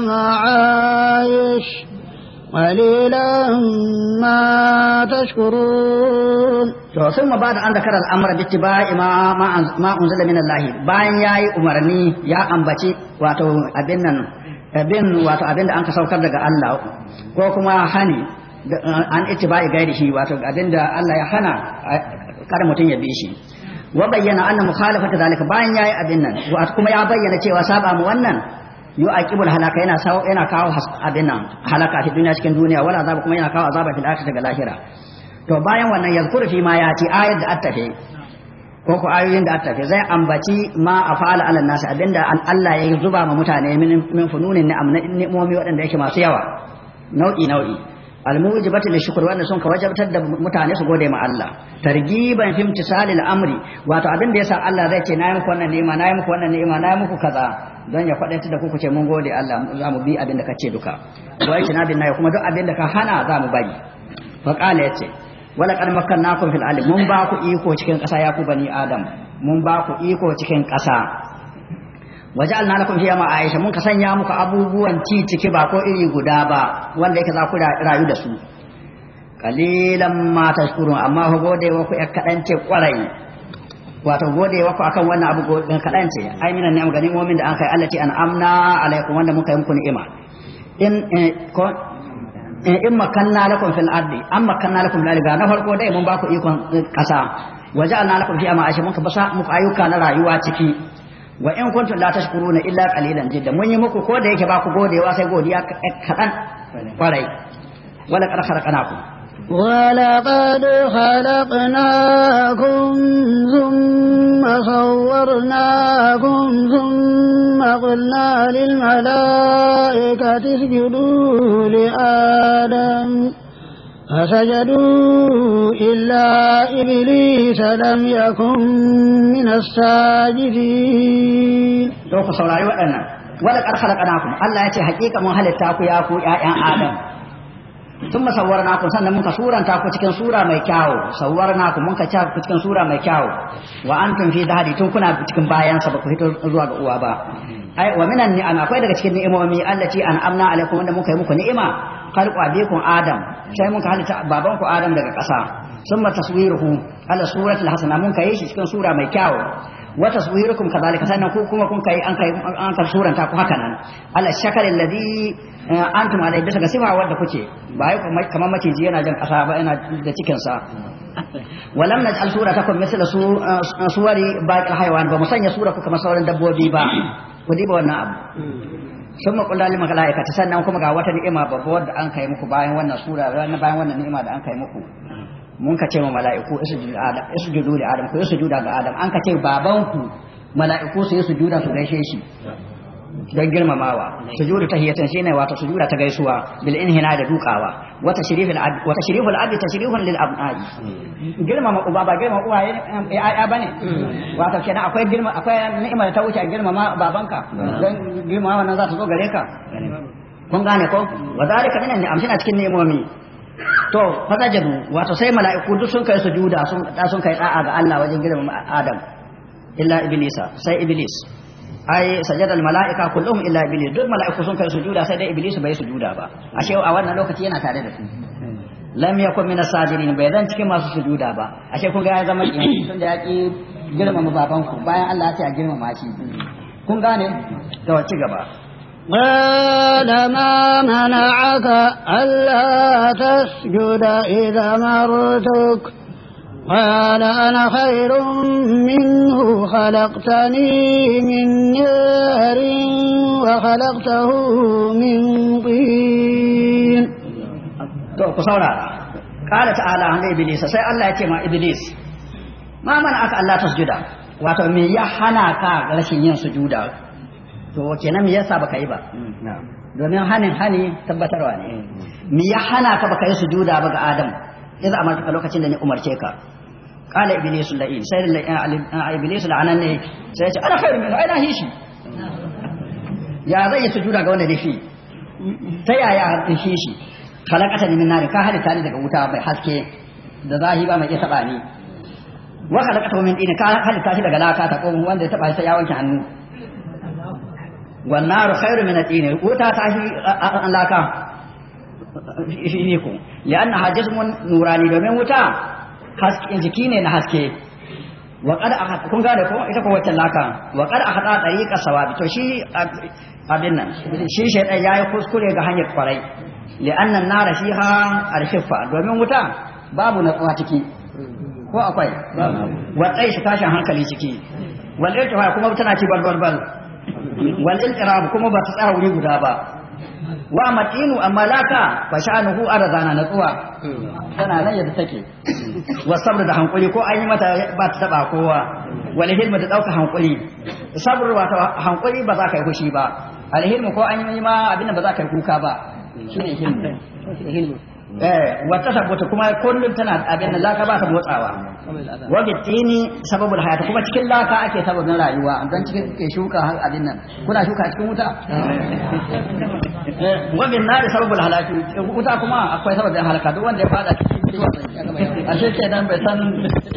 معايش قليلا ما تشكرون to sun ma bada an zakara al'amar ba ma ma unzila min Allah bayan yayi umarni ya ambaci wato abin nan abin wato abin da an ka saukar daga Allah ko kuma hani an ittiba'i gairi shi wato abin da Allah ya hana kar mutum ya bi shi wa bayyana anna mukhalafata zalika bayan yayi abin nan kuma ya bayyana cewa saba mu wannan yu aqibul halaka yana sawo yana kawo abin nan halaka fi duniya cikin duniya wala azaba kuma yana kawo azaba fil akhirah daga lahira to bayan wannan yazkuru fi ma yati ayat da attafe ko ko ayoyin da attafe zai ambaci ma afala ala nas abinda Allah ya zuba ma mutane min fununin ni'am na ni'imomi waɗanda yake masu yawa nau'i nau'i almujibati li shukr wannan sun ka wajabtar da mutane su gode ma Allah targiban fi imtisalil amri wato abin da yasa Allah zai ce nayi muku wannan ni'ima nayi muku wannan ni'ima nayi muku kaza don ya faɗa da ku ku ce mun gode Allah za mu bi abin da kace duka wai kina bin nayi kuma duk abin da ka hana za mu bari fa qala yace wala qad makkannakum fil alim mun ba ku iko cikin ƙasa ya ku bani adam mun ba ku iko cikin ƙasa waja'alna lakum ma Aisha mun ka sanya muku abubuwan ci ciki ba ko iri guda ba wanda yake za ku rayu da su qalilan ma tashkurun amma ku gode wa ku kadan ce kwarai wato gode wa ku akan wannan abu kadan ce ai minan ni'am ganin mu'min da an kai Allah an amna alaikum wanda muka yi muku ni'ima in eh, ko eh, in makanna lakum fil ardi amma kanna lakum fil ardi na farko dai mun ba ku ikon kasa eh, waja'alna lakum fiha ma'aisha mun ka basa muku ayyuka na rayuwa ciki wa in kuntum la tashkuruna illa qalilan jidda mun yi muku ko da yake ba ku godewa sai godiya eh, kaɗan kwarai wala qad khalaqnakum ولقد خلقناكم ثم صورناكم ثم قلنا للملائكة اسجدوا لآدم فسجدوا إلا إبليس لم يكن من الساجدين دوك عليه وسلم ولك أرخلقناكم الله يتي حقيقة من هل التاكو ياكو يا آدم ثم صورناكم سنة منك سورة تاكو تكن سورة ما يكاو صورناكم منك تاكو تكن سورة ما يكاو وأنتم في ذهدي تنكنا تكن بايان سبق في زواج أوابا ومن wa minan تكن akwai ومي التي ni'imomi allati an'amna alaikum wanda muka yi خلق أبيكم آدم شيء من كهل بابانكم آدم لك قصا ثم تصويره على صورة الحسنة من كيش يسكن صورة ميكاو وتصويركم كذلك سنة كوكما كن كي أنك أنك صورة تاكو هكذا على الشكل الذي أنتم عليه بس كسبها ود كتي بايكم كما ما تيجي أنا جن أصحاب أنا دتكن سا ولم نجعل صورتكم مثل صور باقي الحيوان بمسني صوركم كما صور الدبوبي با ودي بوانا أبو sun makulla lil mala'ikati sannan kuma ga wata ni'ima babba da an kai muku bayan wannan sura bayan wannan ni'ima da an kai muku mun ka ce ma mala'iku isu juda da adam ku juda ga adam an ka ce babanku mala'iku su yi su juda su gaishe shi don girmamawa sujudu tahiyatan shine wato sujuda ta gaisuwa bil inhina da dukawa wata wata tashrihun lil abnai girmama uba ba girmama uwa ya eh, bane wato kenan akwai girma akwai ta wuce girmama babanka don girmama wannan za ta zo gare ka kun gane ko wa zalika minan cikin ni'imomi to wato sai mala'iku duk sun kai sujuda sun sun kai ga Allah wajen girmama Adam illa iblisa sai iblis ai sajadal mala'ika kullum illa iblis duk mala'iku sun kai sujuda sai dai iblis bai sujuda ba ashe a wannan lokaci yana tare da su lam yakun min as bai zan cikin masu sujuda ba ashe kun ga ya zama kin tun da yaki girmama babanku bayan Allah ya ce a girmama shi kun gane to ci gaba قال ما منعك ألا تسجد إذا مرتك قال أنا خير منه خلقتني من نار وخلقته من طين قال تعالى عن إبليس سي الله يتمع إبليس ما منعك ألا تسجد wato me ya hana ka rashin yin sujuda to kenan me yasa baka yi ba domin hanin hani tabbatarwa ne mm-hmm. me ya hana ka yi sujuda ba ga Adam idza amartaka lokacin da ni umarce ka qala iblisu la'in sai iblisu la'anan ne sai ya ce ana khairu minhu aina hishi ya zai yi sujuda ga wanda dafi ta yaya dafi shi khalaqata min nar ka halitta ni daga wuta mai haske da ba mai taba ni wa khalaqata min din ka halitta shi daga laka ta ko wanda ya taba shi sai ya wanke hannu wan nar khairu min din wuta ta shi an laka shi ne ko li'annaha jismun nurani domin wuta haske jiki ne na haske wa qad ahad kun gane ko ita ko laka wa qad ahada tariqa sawabi to shi abin nan shi shaytan yayi kuskure ga hanyar kwarai li'anna nara fiha al-khiffa domin wuta babu natsuwa ciki ko akwai wa tsayi hankali ciki wal iltifa kuma tana ci balbalbal wal iltirab kuma ba ta tsara wuri guda ba wa matinu amma laka fa sha'anuhu arzana natsuwa tana nan yadda take wa sabr da hankuli ko an yi mata ba ta taba kowa wal hilma da dauka hankuli sabr ta hankuli ba za ka yi fushi ba al ko an yi ma abin ba za ka yi kuka ba shine hilma eh ta sabota kuma kullum tana abin da laka ba ta motsawa wa gittini sababul hayat kuma cikin laka ake sababin rayuwa dan cikin ke shuka abin nan kuna shuka cikin wuta Eh, wa na da sababul halaki wuta kuma akwai da halaka duk wanda ya fada cikin mutuwa ashe ke nan bai san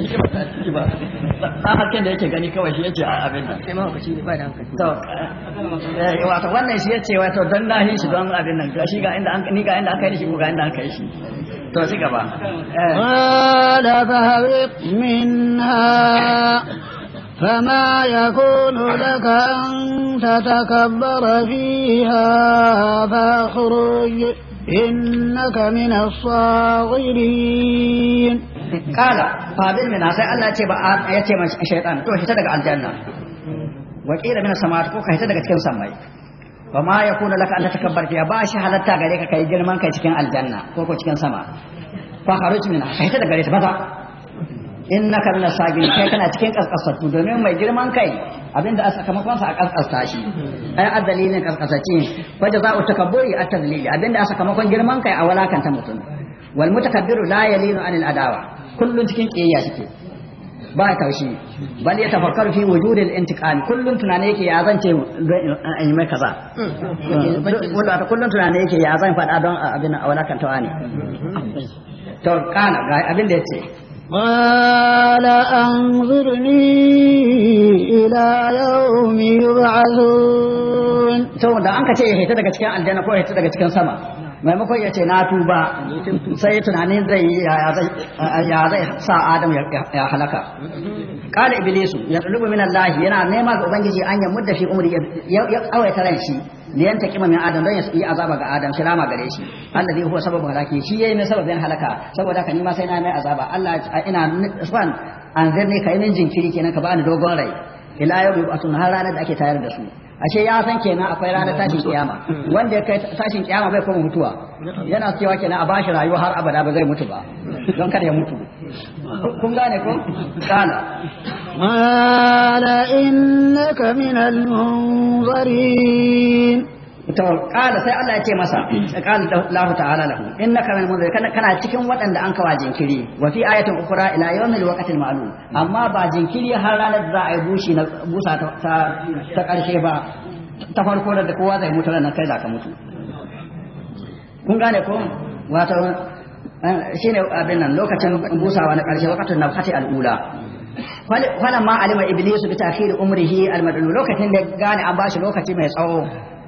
shi ba ciki ba dan hakken da yake gani kawai shi yace abin nan sai mawa kashi ba da hankali to eh, wato wannan shi yace wato dan nahi shi don abin nan ga shi ga inda an ni ga inda aka yi shi ga inda aka yi shi to shi gaba qala eh. fa minha فما يكون لك أن تتكبر فيها فاخرج إنك من الصاغرين قال فابل من هذا الله يتبع يتبع الشيطان تو هيتا daga aljanna wa qila min samawati ko hita daga cikin samai wa ma yakunu laka an tatakabbar fiya ba shi halatta gare ka kai girman kai cikin aljanna ko ko cikin sama fa ta baza innaka lana sagin kai kana cikin kaskasatu domin mai girman kai abinda a sakamakonsa a kaskasta shi ai a dalilin kaskasaci fa jaza'u takabburi at tadlili abinda a sakamakon girman kai a walakanta mutum wal mutakabbiru la yalinu anil adawa kullun cikin kiyayya shike ba taushi bal ya tafakkaru fi wujud al intiqam kullun tunane yake ya zance in mai kaza wanda kullun tunane yake ya zan faɗa don abin a to kana ga abin da yace قال أنظرني إلى يوم يبعثون سو da an ka ce ya hita daga cikin aljanna ko daga cikin sama maimakon ya ce na tuba sai tunanin zai ya zai sa adam ya halaka kala iblisu ya tulubu min Allah yana nema ga ubangiji an mudda fi umri ya awaita ran shi liyan ta kima min adam don ya yi azaba ga adam shi rama gare shi Allah zai huwa sababin halaki shi yayi min sababin halaka saboda ka nima sai na mai azaba Allah ina an zirni kai min jinkiri kenan ka bani dogon rai ila yau bi atun har ranar da ake tayar da su ashe ya san kenan akwai ranar tashin kiyama wanda ya kai tashin kiyama bai koma mutuwa yana cewa kenan a bashi rayuwa har abada ba zai mutu ba don kada ya mutu kun gane ko kana قال إنك من المنظرين to kala sai Allah ya ce masa qala Allah ta'ala lahu innaka min munzir kana kana cikin waɗanda an kawa jinkiri wa fi ayatin ukra ila yawmil waqtil ma'lum amma ba jinkiri har ranar da za a yi bushi na busa ta ta karshe ba ta farko da kowa zai mutu ranar kai za ka mutu kun gane ko wato shine abin nan lokacin busawa na karshe waqtul nafhati al'ula wannan ma alima iblis bi ta'khir umrihi al-madlul lokacin da gane an bashi lokaci mai tsawo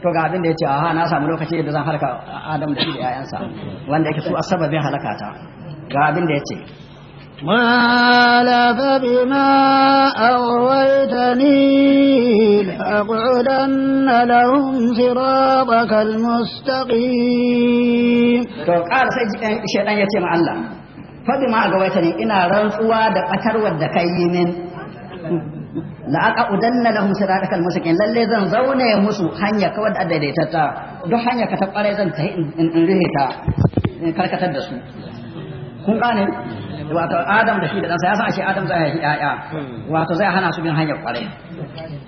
to ga abin da yace aha na samu lokaci da zan halaka adam da shi da yayansa wanda yake su asbabin halakata ga abin da yace قال فبما أغويتني لأقعدن لهم صراطك المستقيم قال سيدنا yace ma Allah. faɗi ma ga wata ne ina rantsuwa da ɓatarwar da kai yi min la aka udanna lahum siratal almustaqim lalle zan zaune musu hanya kawai da daidaitata duk hanya ka ta kware zan yi in rihe ta karkatar da su kun gane wato adam da shi da ɗansa ya san ashe adam zai haifi ƴaƴa hmm. wato zai hana su bin hanyar ƙwarai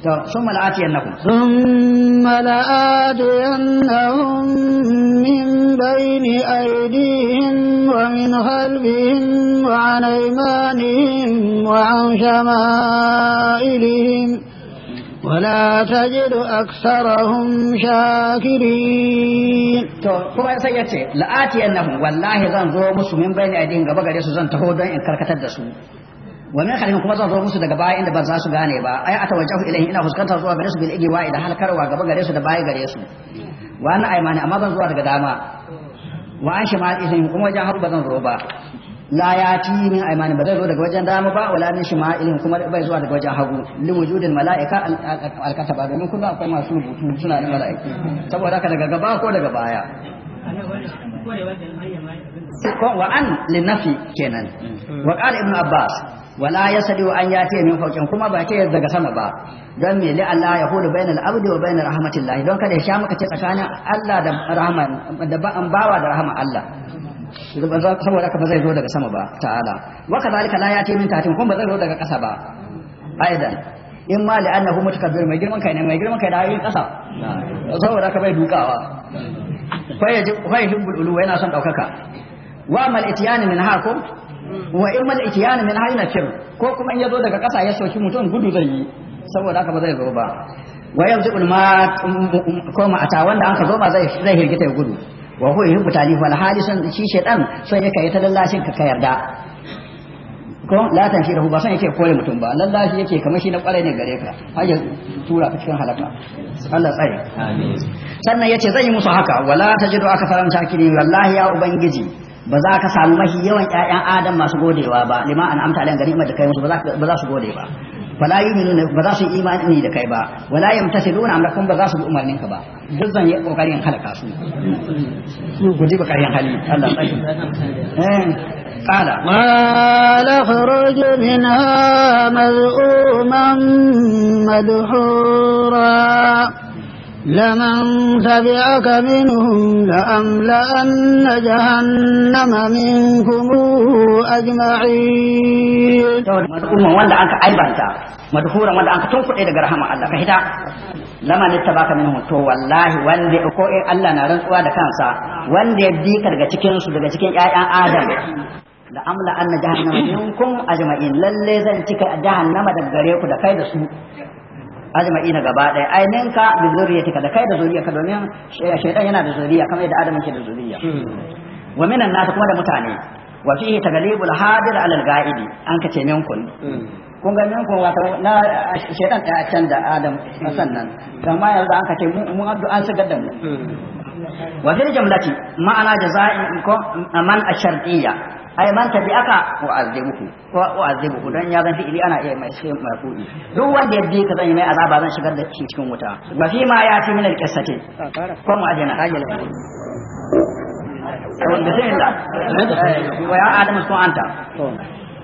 to sun mala'atiyan nakum sun mala'atiyan nahum min bayni aydihim wa min khalfihim wa an aymanihim wa an shama'ilihim ولا تجد أكثرهم شاكرين to kuma sai yace la'ati annahum wallahi zan zo musu min bayni aidin gaba gare zan taho don in karkatar da su wa min khalfihim kuma zan zo musu daga baya inda ba za su gane ba ai atawajjahu ilayhi ina fuskantar zuwa gare su bil igiwa idan halkarwa gaba gare su da baya gare su wa na amma zan daga dama kuma wajen haru ba zan zo ba la ya ti min aymani ba zai zo daga wajen dama ba wala min shima'ilin kuma bai zuwa daga wajen hagu li wujudil mala'ika al-kataba domin kullum akwai masu rubutu suna da mala'iku saboda daga gaba daga baya wa an linafi kenan wa qala ibnu abbas wala yasdi an yati min fawqin kuma ba ce daga sama ba dan me li Allah ya hudu bainal abdi wa bainal rahmatillah don kada ya sha maka ce tsakanin Allah da rahman da bawa da Allah saboda haka ba zai zo daga sama ba ta'ala wa kadhalika la yati min tahtin kuma ba zai zo daga kasa ba aidan in ma li'annahu mutakabbir mai girman kai ne mai girman kai da hayin ƙasa saboda haka bai dukawa fa yaji fa yuhibbul ulu yana son daukaka wa mal itiyani min hakum wa in mal itiyani min hayna kir ko kuma in yazo daga kasa ya sauki mutum gudu zai yi saboda haka ba zai zo ba wa yanzu ulma ko ma ata wanda an ka zo ba zai zai hirgita ya gudu wa huwa yuhibbu talif wal halisan shi shaytan ya yake ta lallashin ka yarda ko la shi da ba san yake kore mutum ba lallashi yake kamar shi na kwarai ne gare ka har ya tura ka cikin halaka Allah tsare amin sannan yace zan yi musu haka wala tajidu aka faranta kini wallahi ya ubangiji ba za ka samu mahi yawan ƴaƴan adam masu godewa ba lima an amta alayhi ganimar da kai musu ba za su gode ba fala yu'minuna ba za su yi imani da kai ba wala yamtasiluna amrakum ba za su bi umarnin ka ba duk zan yi kokarin halaka su su guji لمن تبعك منهم لأملأن جهنم منكم أجمعين مدهورا وانت أنك أيبانتا مدهورا وانت أنك تنفق إذا رحمة الله فهدا لما اتبعك منهم تو والله وانت أكو الله نرزقوا دكانسا وانت يبديك daga cikin su daga cikin ƴaƴan Adam da amla anna jahannama minkum ajma'in lalle zan cika jahannama daga gare ku da kai da su ajma'ina gaba ɗaya ainin ka bi ka da kai da ka domin shaytan yana da zuriya kamar yadda adam ke da zuriya hmm. wa minan nas kuma da mutane wa fihi taglibul hadir ala al-ga'idi an ka ce minkun hmm. kun ga minkun wato na shaytan da can da adam hmm. sannan amma yanzu an ka ce mu an shigar da mu wa fil jumlati ma'ana jaza'in ko man ash-shartiyya ai man bi aka u'azibuhu wa u'azibuhu dan ya zan fi'ili ana iya mai sai kudi duk wanda yaddi ka zan yi mai azaba zan shigar da shi cikin wuta ba fi ma ya fi min al ko mu ajina sai da ya adamu sun anta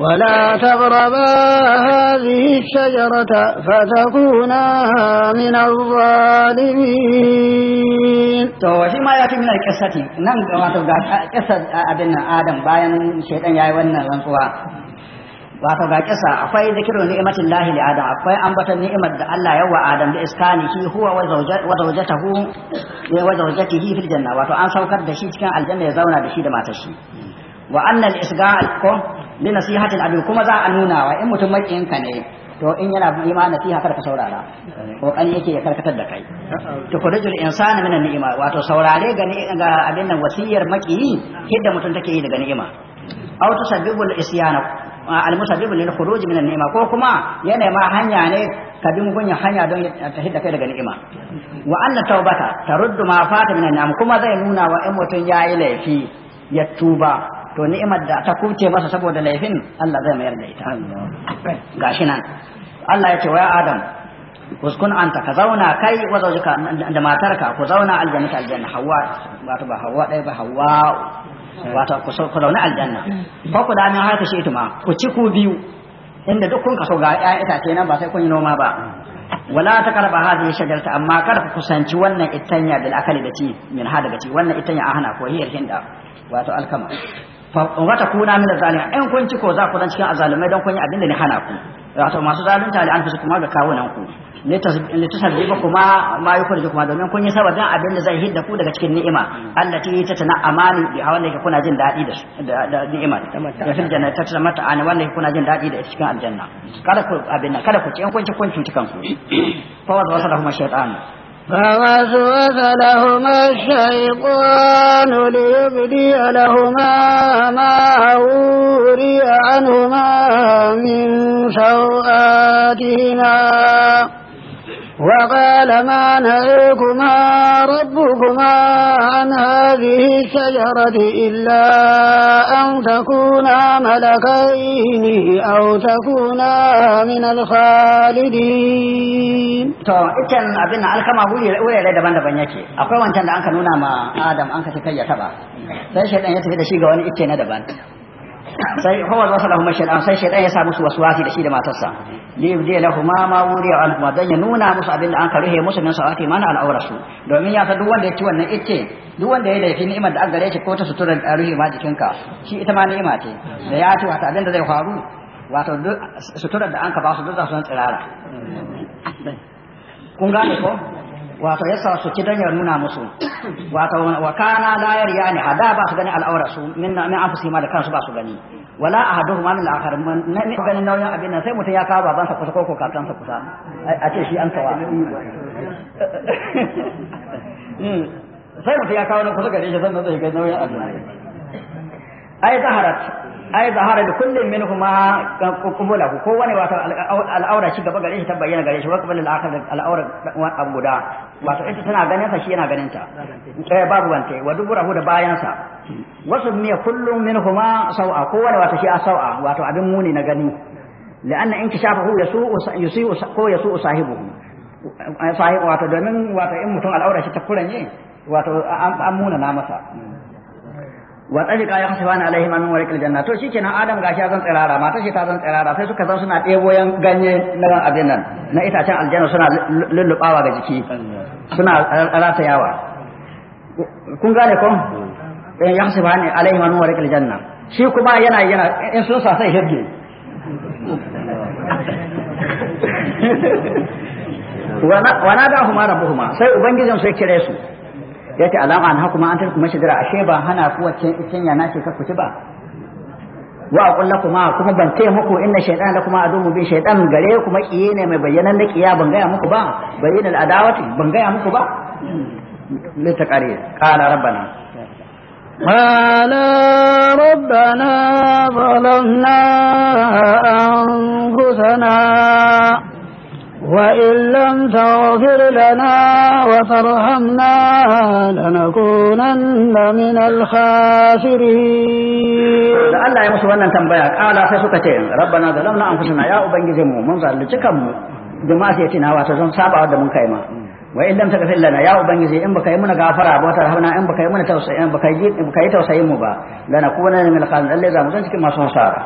ولا تقربا هذه الشجرة فتكونا من الظالمين to shi ma ya ce mina kissati nan ga wato ga kissa abin nan Adam bayan shaytan yayi wannan rantsuwa wato ga kissa akwai zikiru ni'matin lahi li Adam akwai ambatan ni'imar da Allah yawa Adam da iskani shi huwa wa zawjatahu eh, wa zawjatihi fil janna wato an saukar da shi cikin aljanna ya zauna da shi da matar shi wa anna al-isga' al bi nasihatin abin kuma za a nuna wa in mutum maƙiyinka ne to in yana yi ma nasiha kar ka saurara kokari yake ya karkatar da kai to kurujul insani minan ni'ima wato saurare ga ga abin nan wasiyar makiyi hidda mutum take yi daga ni'ima aw tusabbibul isyana al musabbibul lil khuruj minan ni'ima ko kuma yana ma hanya ne ka bi mugunya hanya don ta hidda kai daga ni'ima wa anna taubata taruddu ma fata minan ni'am kuma zai nuna wa in mutum yayi laifi ya tuba to ni'imar da ta kuce masa saboda laifin Allah zai mayar da ita gashi nan Allah ya ce wa Adam uskun anta ka zauna kai wa zaujuka da matarka ku zauna aljanna aljanna hawa wato ba hawa dai ba hawa wato ku zauna aljanna ko ku da min haka shi ku ci ku biyu inda duk kun kaso ga ƴaƴan itace nan ba sai kun yi noma ba wala ta karba hadhihi shajarta amma kada ku kusanci wannan itanya da akali da ci min ha daga ci wannan itanya a hana ko hiyar hinda wato alkama wata kuna min zalimin in kun ci ko za ku dan cikin azalumai don kun yi abin da ni hana ku wato masu zalunta an fi kuma ga kawo nan ku ne tasabbiba kuma ma yukul kuma domin kun yi sababin abin da zai hidda ku daga cikin ni'ima allati tana amani bi wanda yake kuna jin dadi da da ni'ima da fil ta tatana mata an wanda yake kuna jin dadi da cikin aljanna kada ku abin kada ku ci in kun ci kun cuci kanku fa wa sallahu kuma shaytanu فوسوس لهما الشيطان ليبدي لهما ما وري عنهما من سوآتهما وقال ما نهيكما ربكما عن هذه الشجرة إلا أن تكونا ملكين أو تكونا من الخالدين to itan abin na alkama wurare daban-daban yake akwai wancan da anka nuna ma Adam an ka kai ya taba sai shaidan ya tafi da shi ga wani ice na daban sai hawar wasa lahum shaytan sai shaytan ya sa musu waswasi da shi da matarsa li yubdi lahum ma wuri an kuma dan ya nuna musu abin da an karuhe musu nan sawati mana al'aurasu domin ya san duk wanda ya ci wannan ice duk wanda ya laifi ni'imar da an gare shi ko ta sutura da ruhi ma jikinka shi ita ma ni'ima ce da ya ci wata abin da zai faru wato suturar da an ka ba su duk za su tsirara kun gane ko wato ya sauki don ya nuna musu wato wa kana la yarya ne hada ba su gani al'aura su min min anfusi ma da kansu ba su gani wala a ahaduhu ma min al-akhar ne gani nauyin abin nan sai mutum ya kawo baban sa kusa ko ko kakan sa kusa a ce shi an kawa hmm. sai mutum ya kawo na kusa gare shi sannan zai gani nauyin abin ai zaharat ai zahara da kullum min kuma kubulahu ko wani wato al'aura shi gaba gare shi ta bayyana gare shi wa qabala al-akhar al'aura abu guda wato ita tana ganin sa shi yana ganin ta eh babu wante wa duburahu da bayan sa wasu ne kullum min kuma sau'a ko wani wato shi a sau'a wato abin muni na gani la'anna in kishafahu yasu'u ko yasu'u sahibu eh, sahibu wato domin wato in mutum al'aura shi ta kuranye wato an muna na masa wa tsarika ya hasiba na alaihi min warikil janna to shikenan adam gashi ya zan tsirara mata shi ta zan tsirara sai suka zan suna ɗebo yan ganye na ran abin nan na itacen aljanna suna lullubawa ga jiki suna yawa kun gane ko eh, ya hasiba ne alaihi min warikil janna shi kuma yana yana in sun sa sai hirge wa na da huma rabbuhuma sai ubangijin sai kire su ya ce alama an hakuma an tarku dira ashe ba hana ku wacce cinya na ce ku ci ba wa kulla kuma kuma ban ce muku inna da kuma adumu bin shaidan gare kuma kiye ne mai bayyanan da kiya ban gaya muku ba bayyana al'adawati ban gaya muku ba ne ta kare qala rabbana قال ربنا ظلمنا أنفسنا وإن لم تغفر لنا وترحمنا لنكونن من الخاسرين الله يا مسو wannan tambaya kala sai suka ce rabbana zalamna anfusana ya ubangijin mu mun zalunci kanmu jama'a sai tina wato zan saba da mun kai ma wa in lam taghfir lana ya ubangiji in baka yi muna gafara ba ta rahmana in baka yi muna tausayi in baka yi baka yi tausayin mu ba lana kunanna min al-khasirin za mu zan cikin masu hasara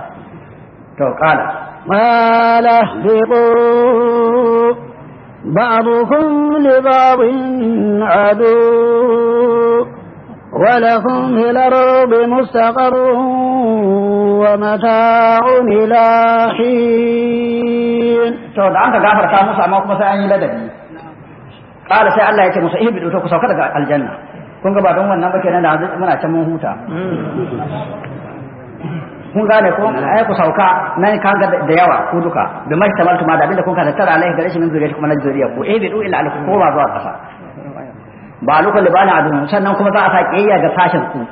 to kala قال اهبطوا بعضكم لبعض عدو ولكم في الأرض مستقر ومتاع إلى حين to da anka gafarta musu amma kuma sai an yi ladabi kala sai Allah ya ce musa, ihbidu to ku sauka daga aljanna kun ga ba don wannan ba kenan muna can mun huta mm. kun gane ko ai ku sauka nan ka ga da yawa ku duka da mai tamaltu ma da abinda kun ka tattara alai gare shi min zuriya kuma na zuriya ku eh bi du ila alku ko ba zuwa kasa ba lokal libana adun sannan kuma za a sa kiyaya ga sashin ku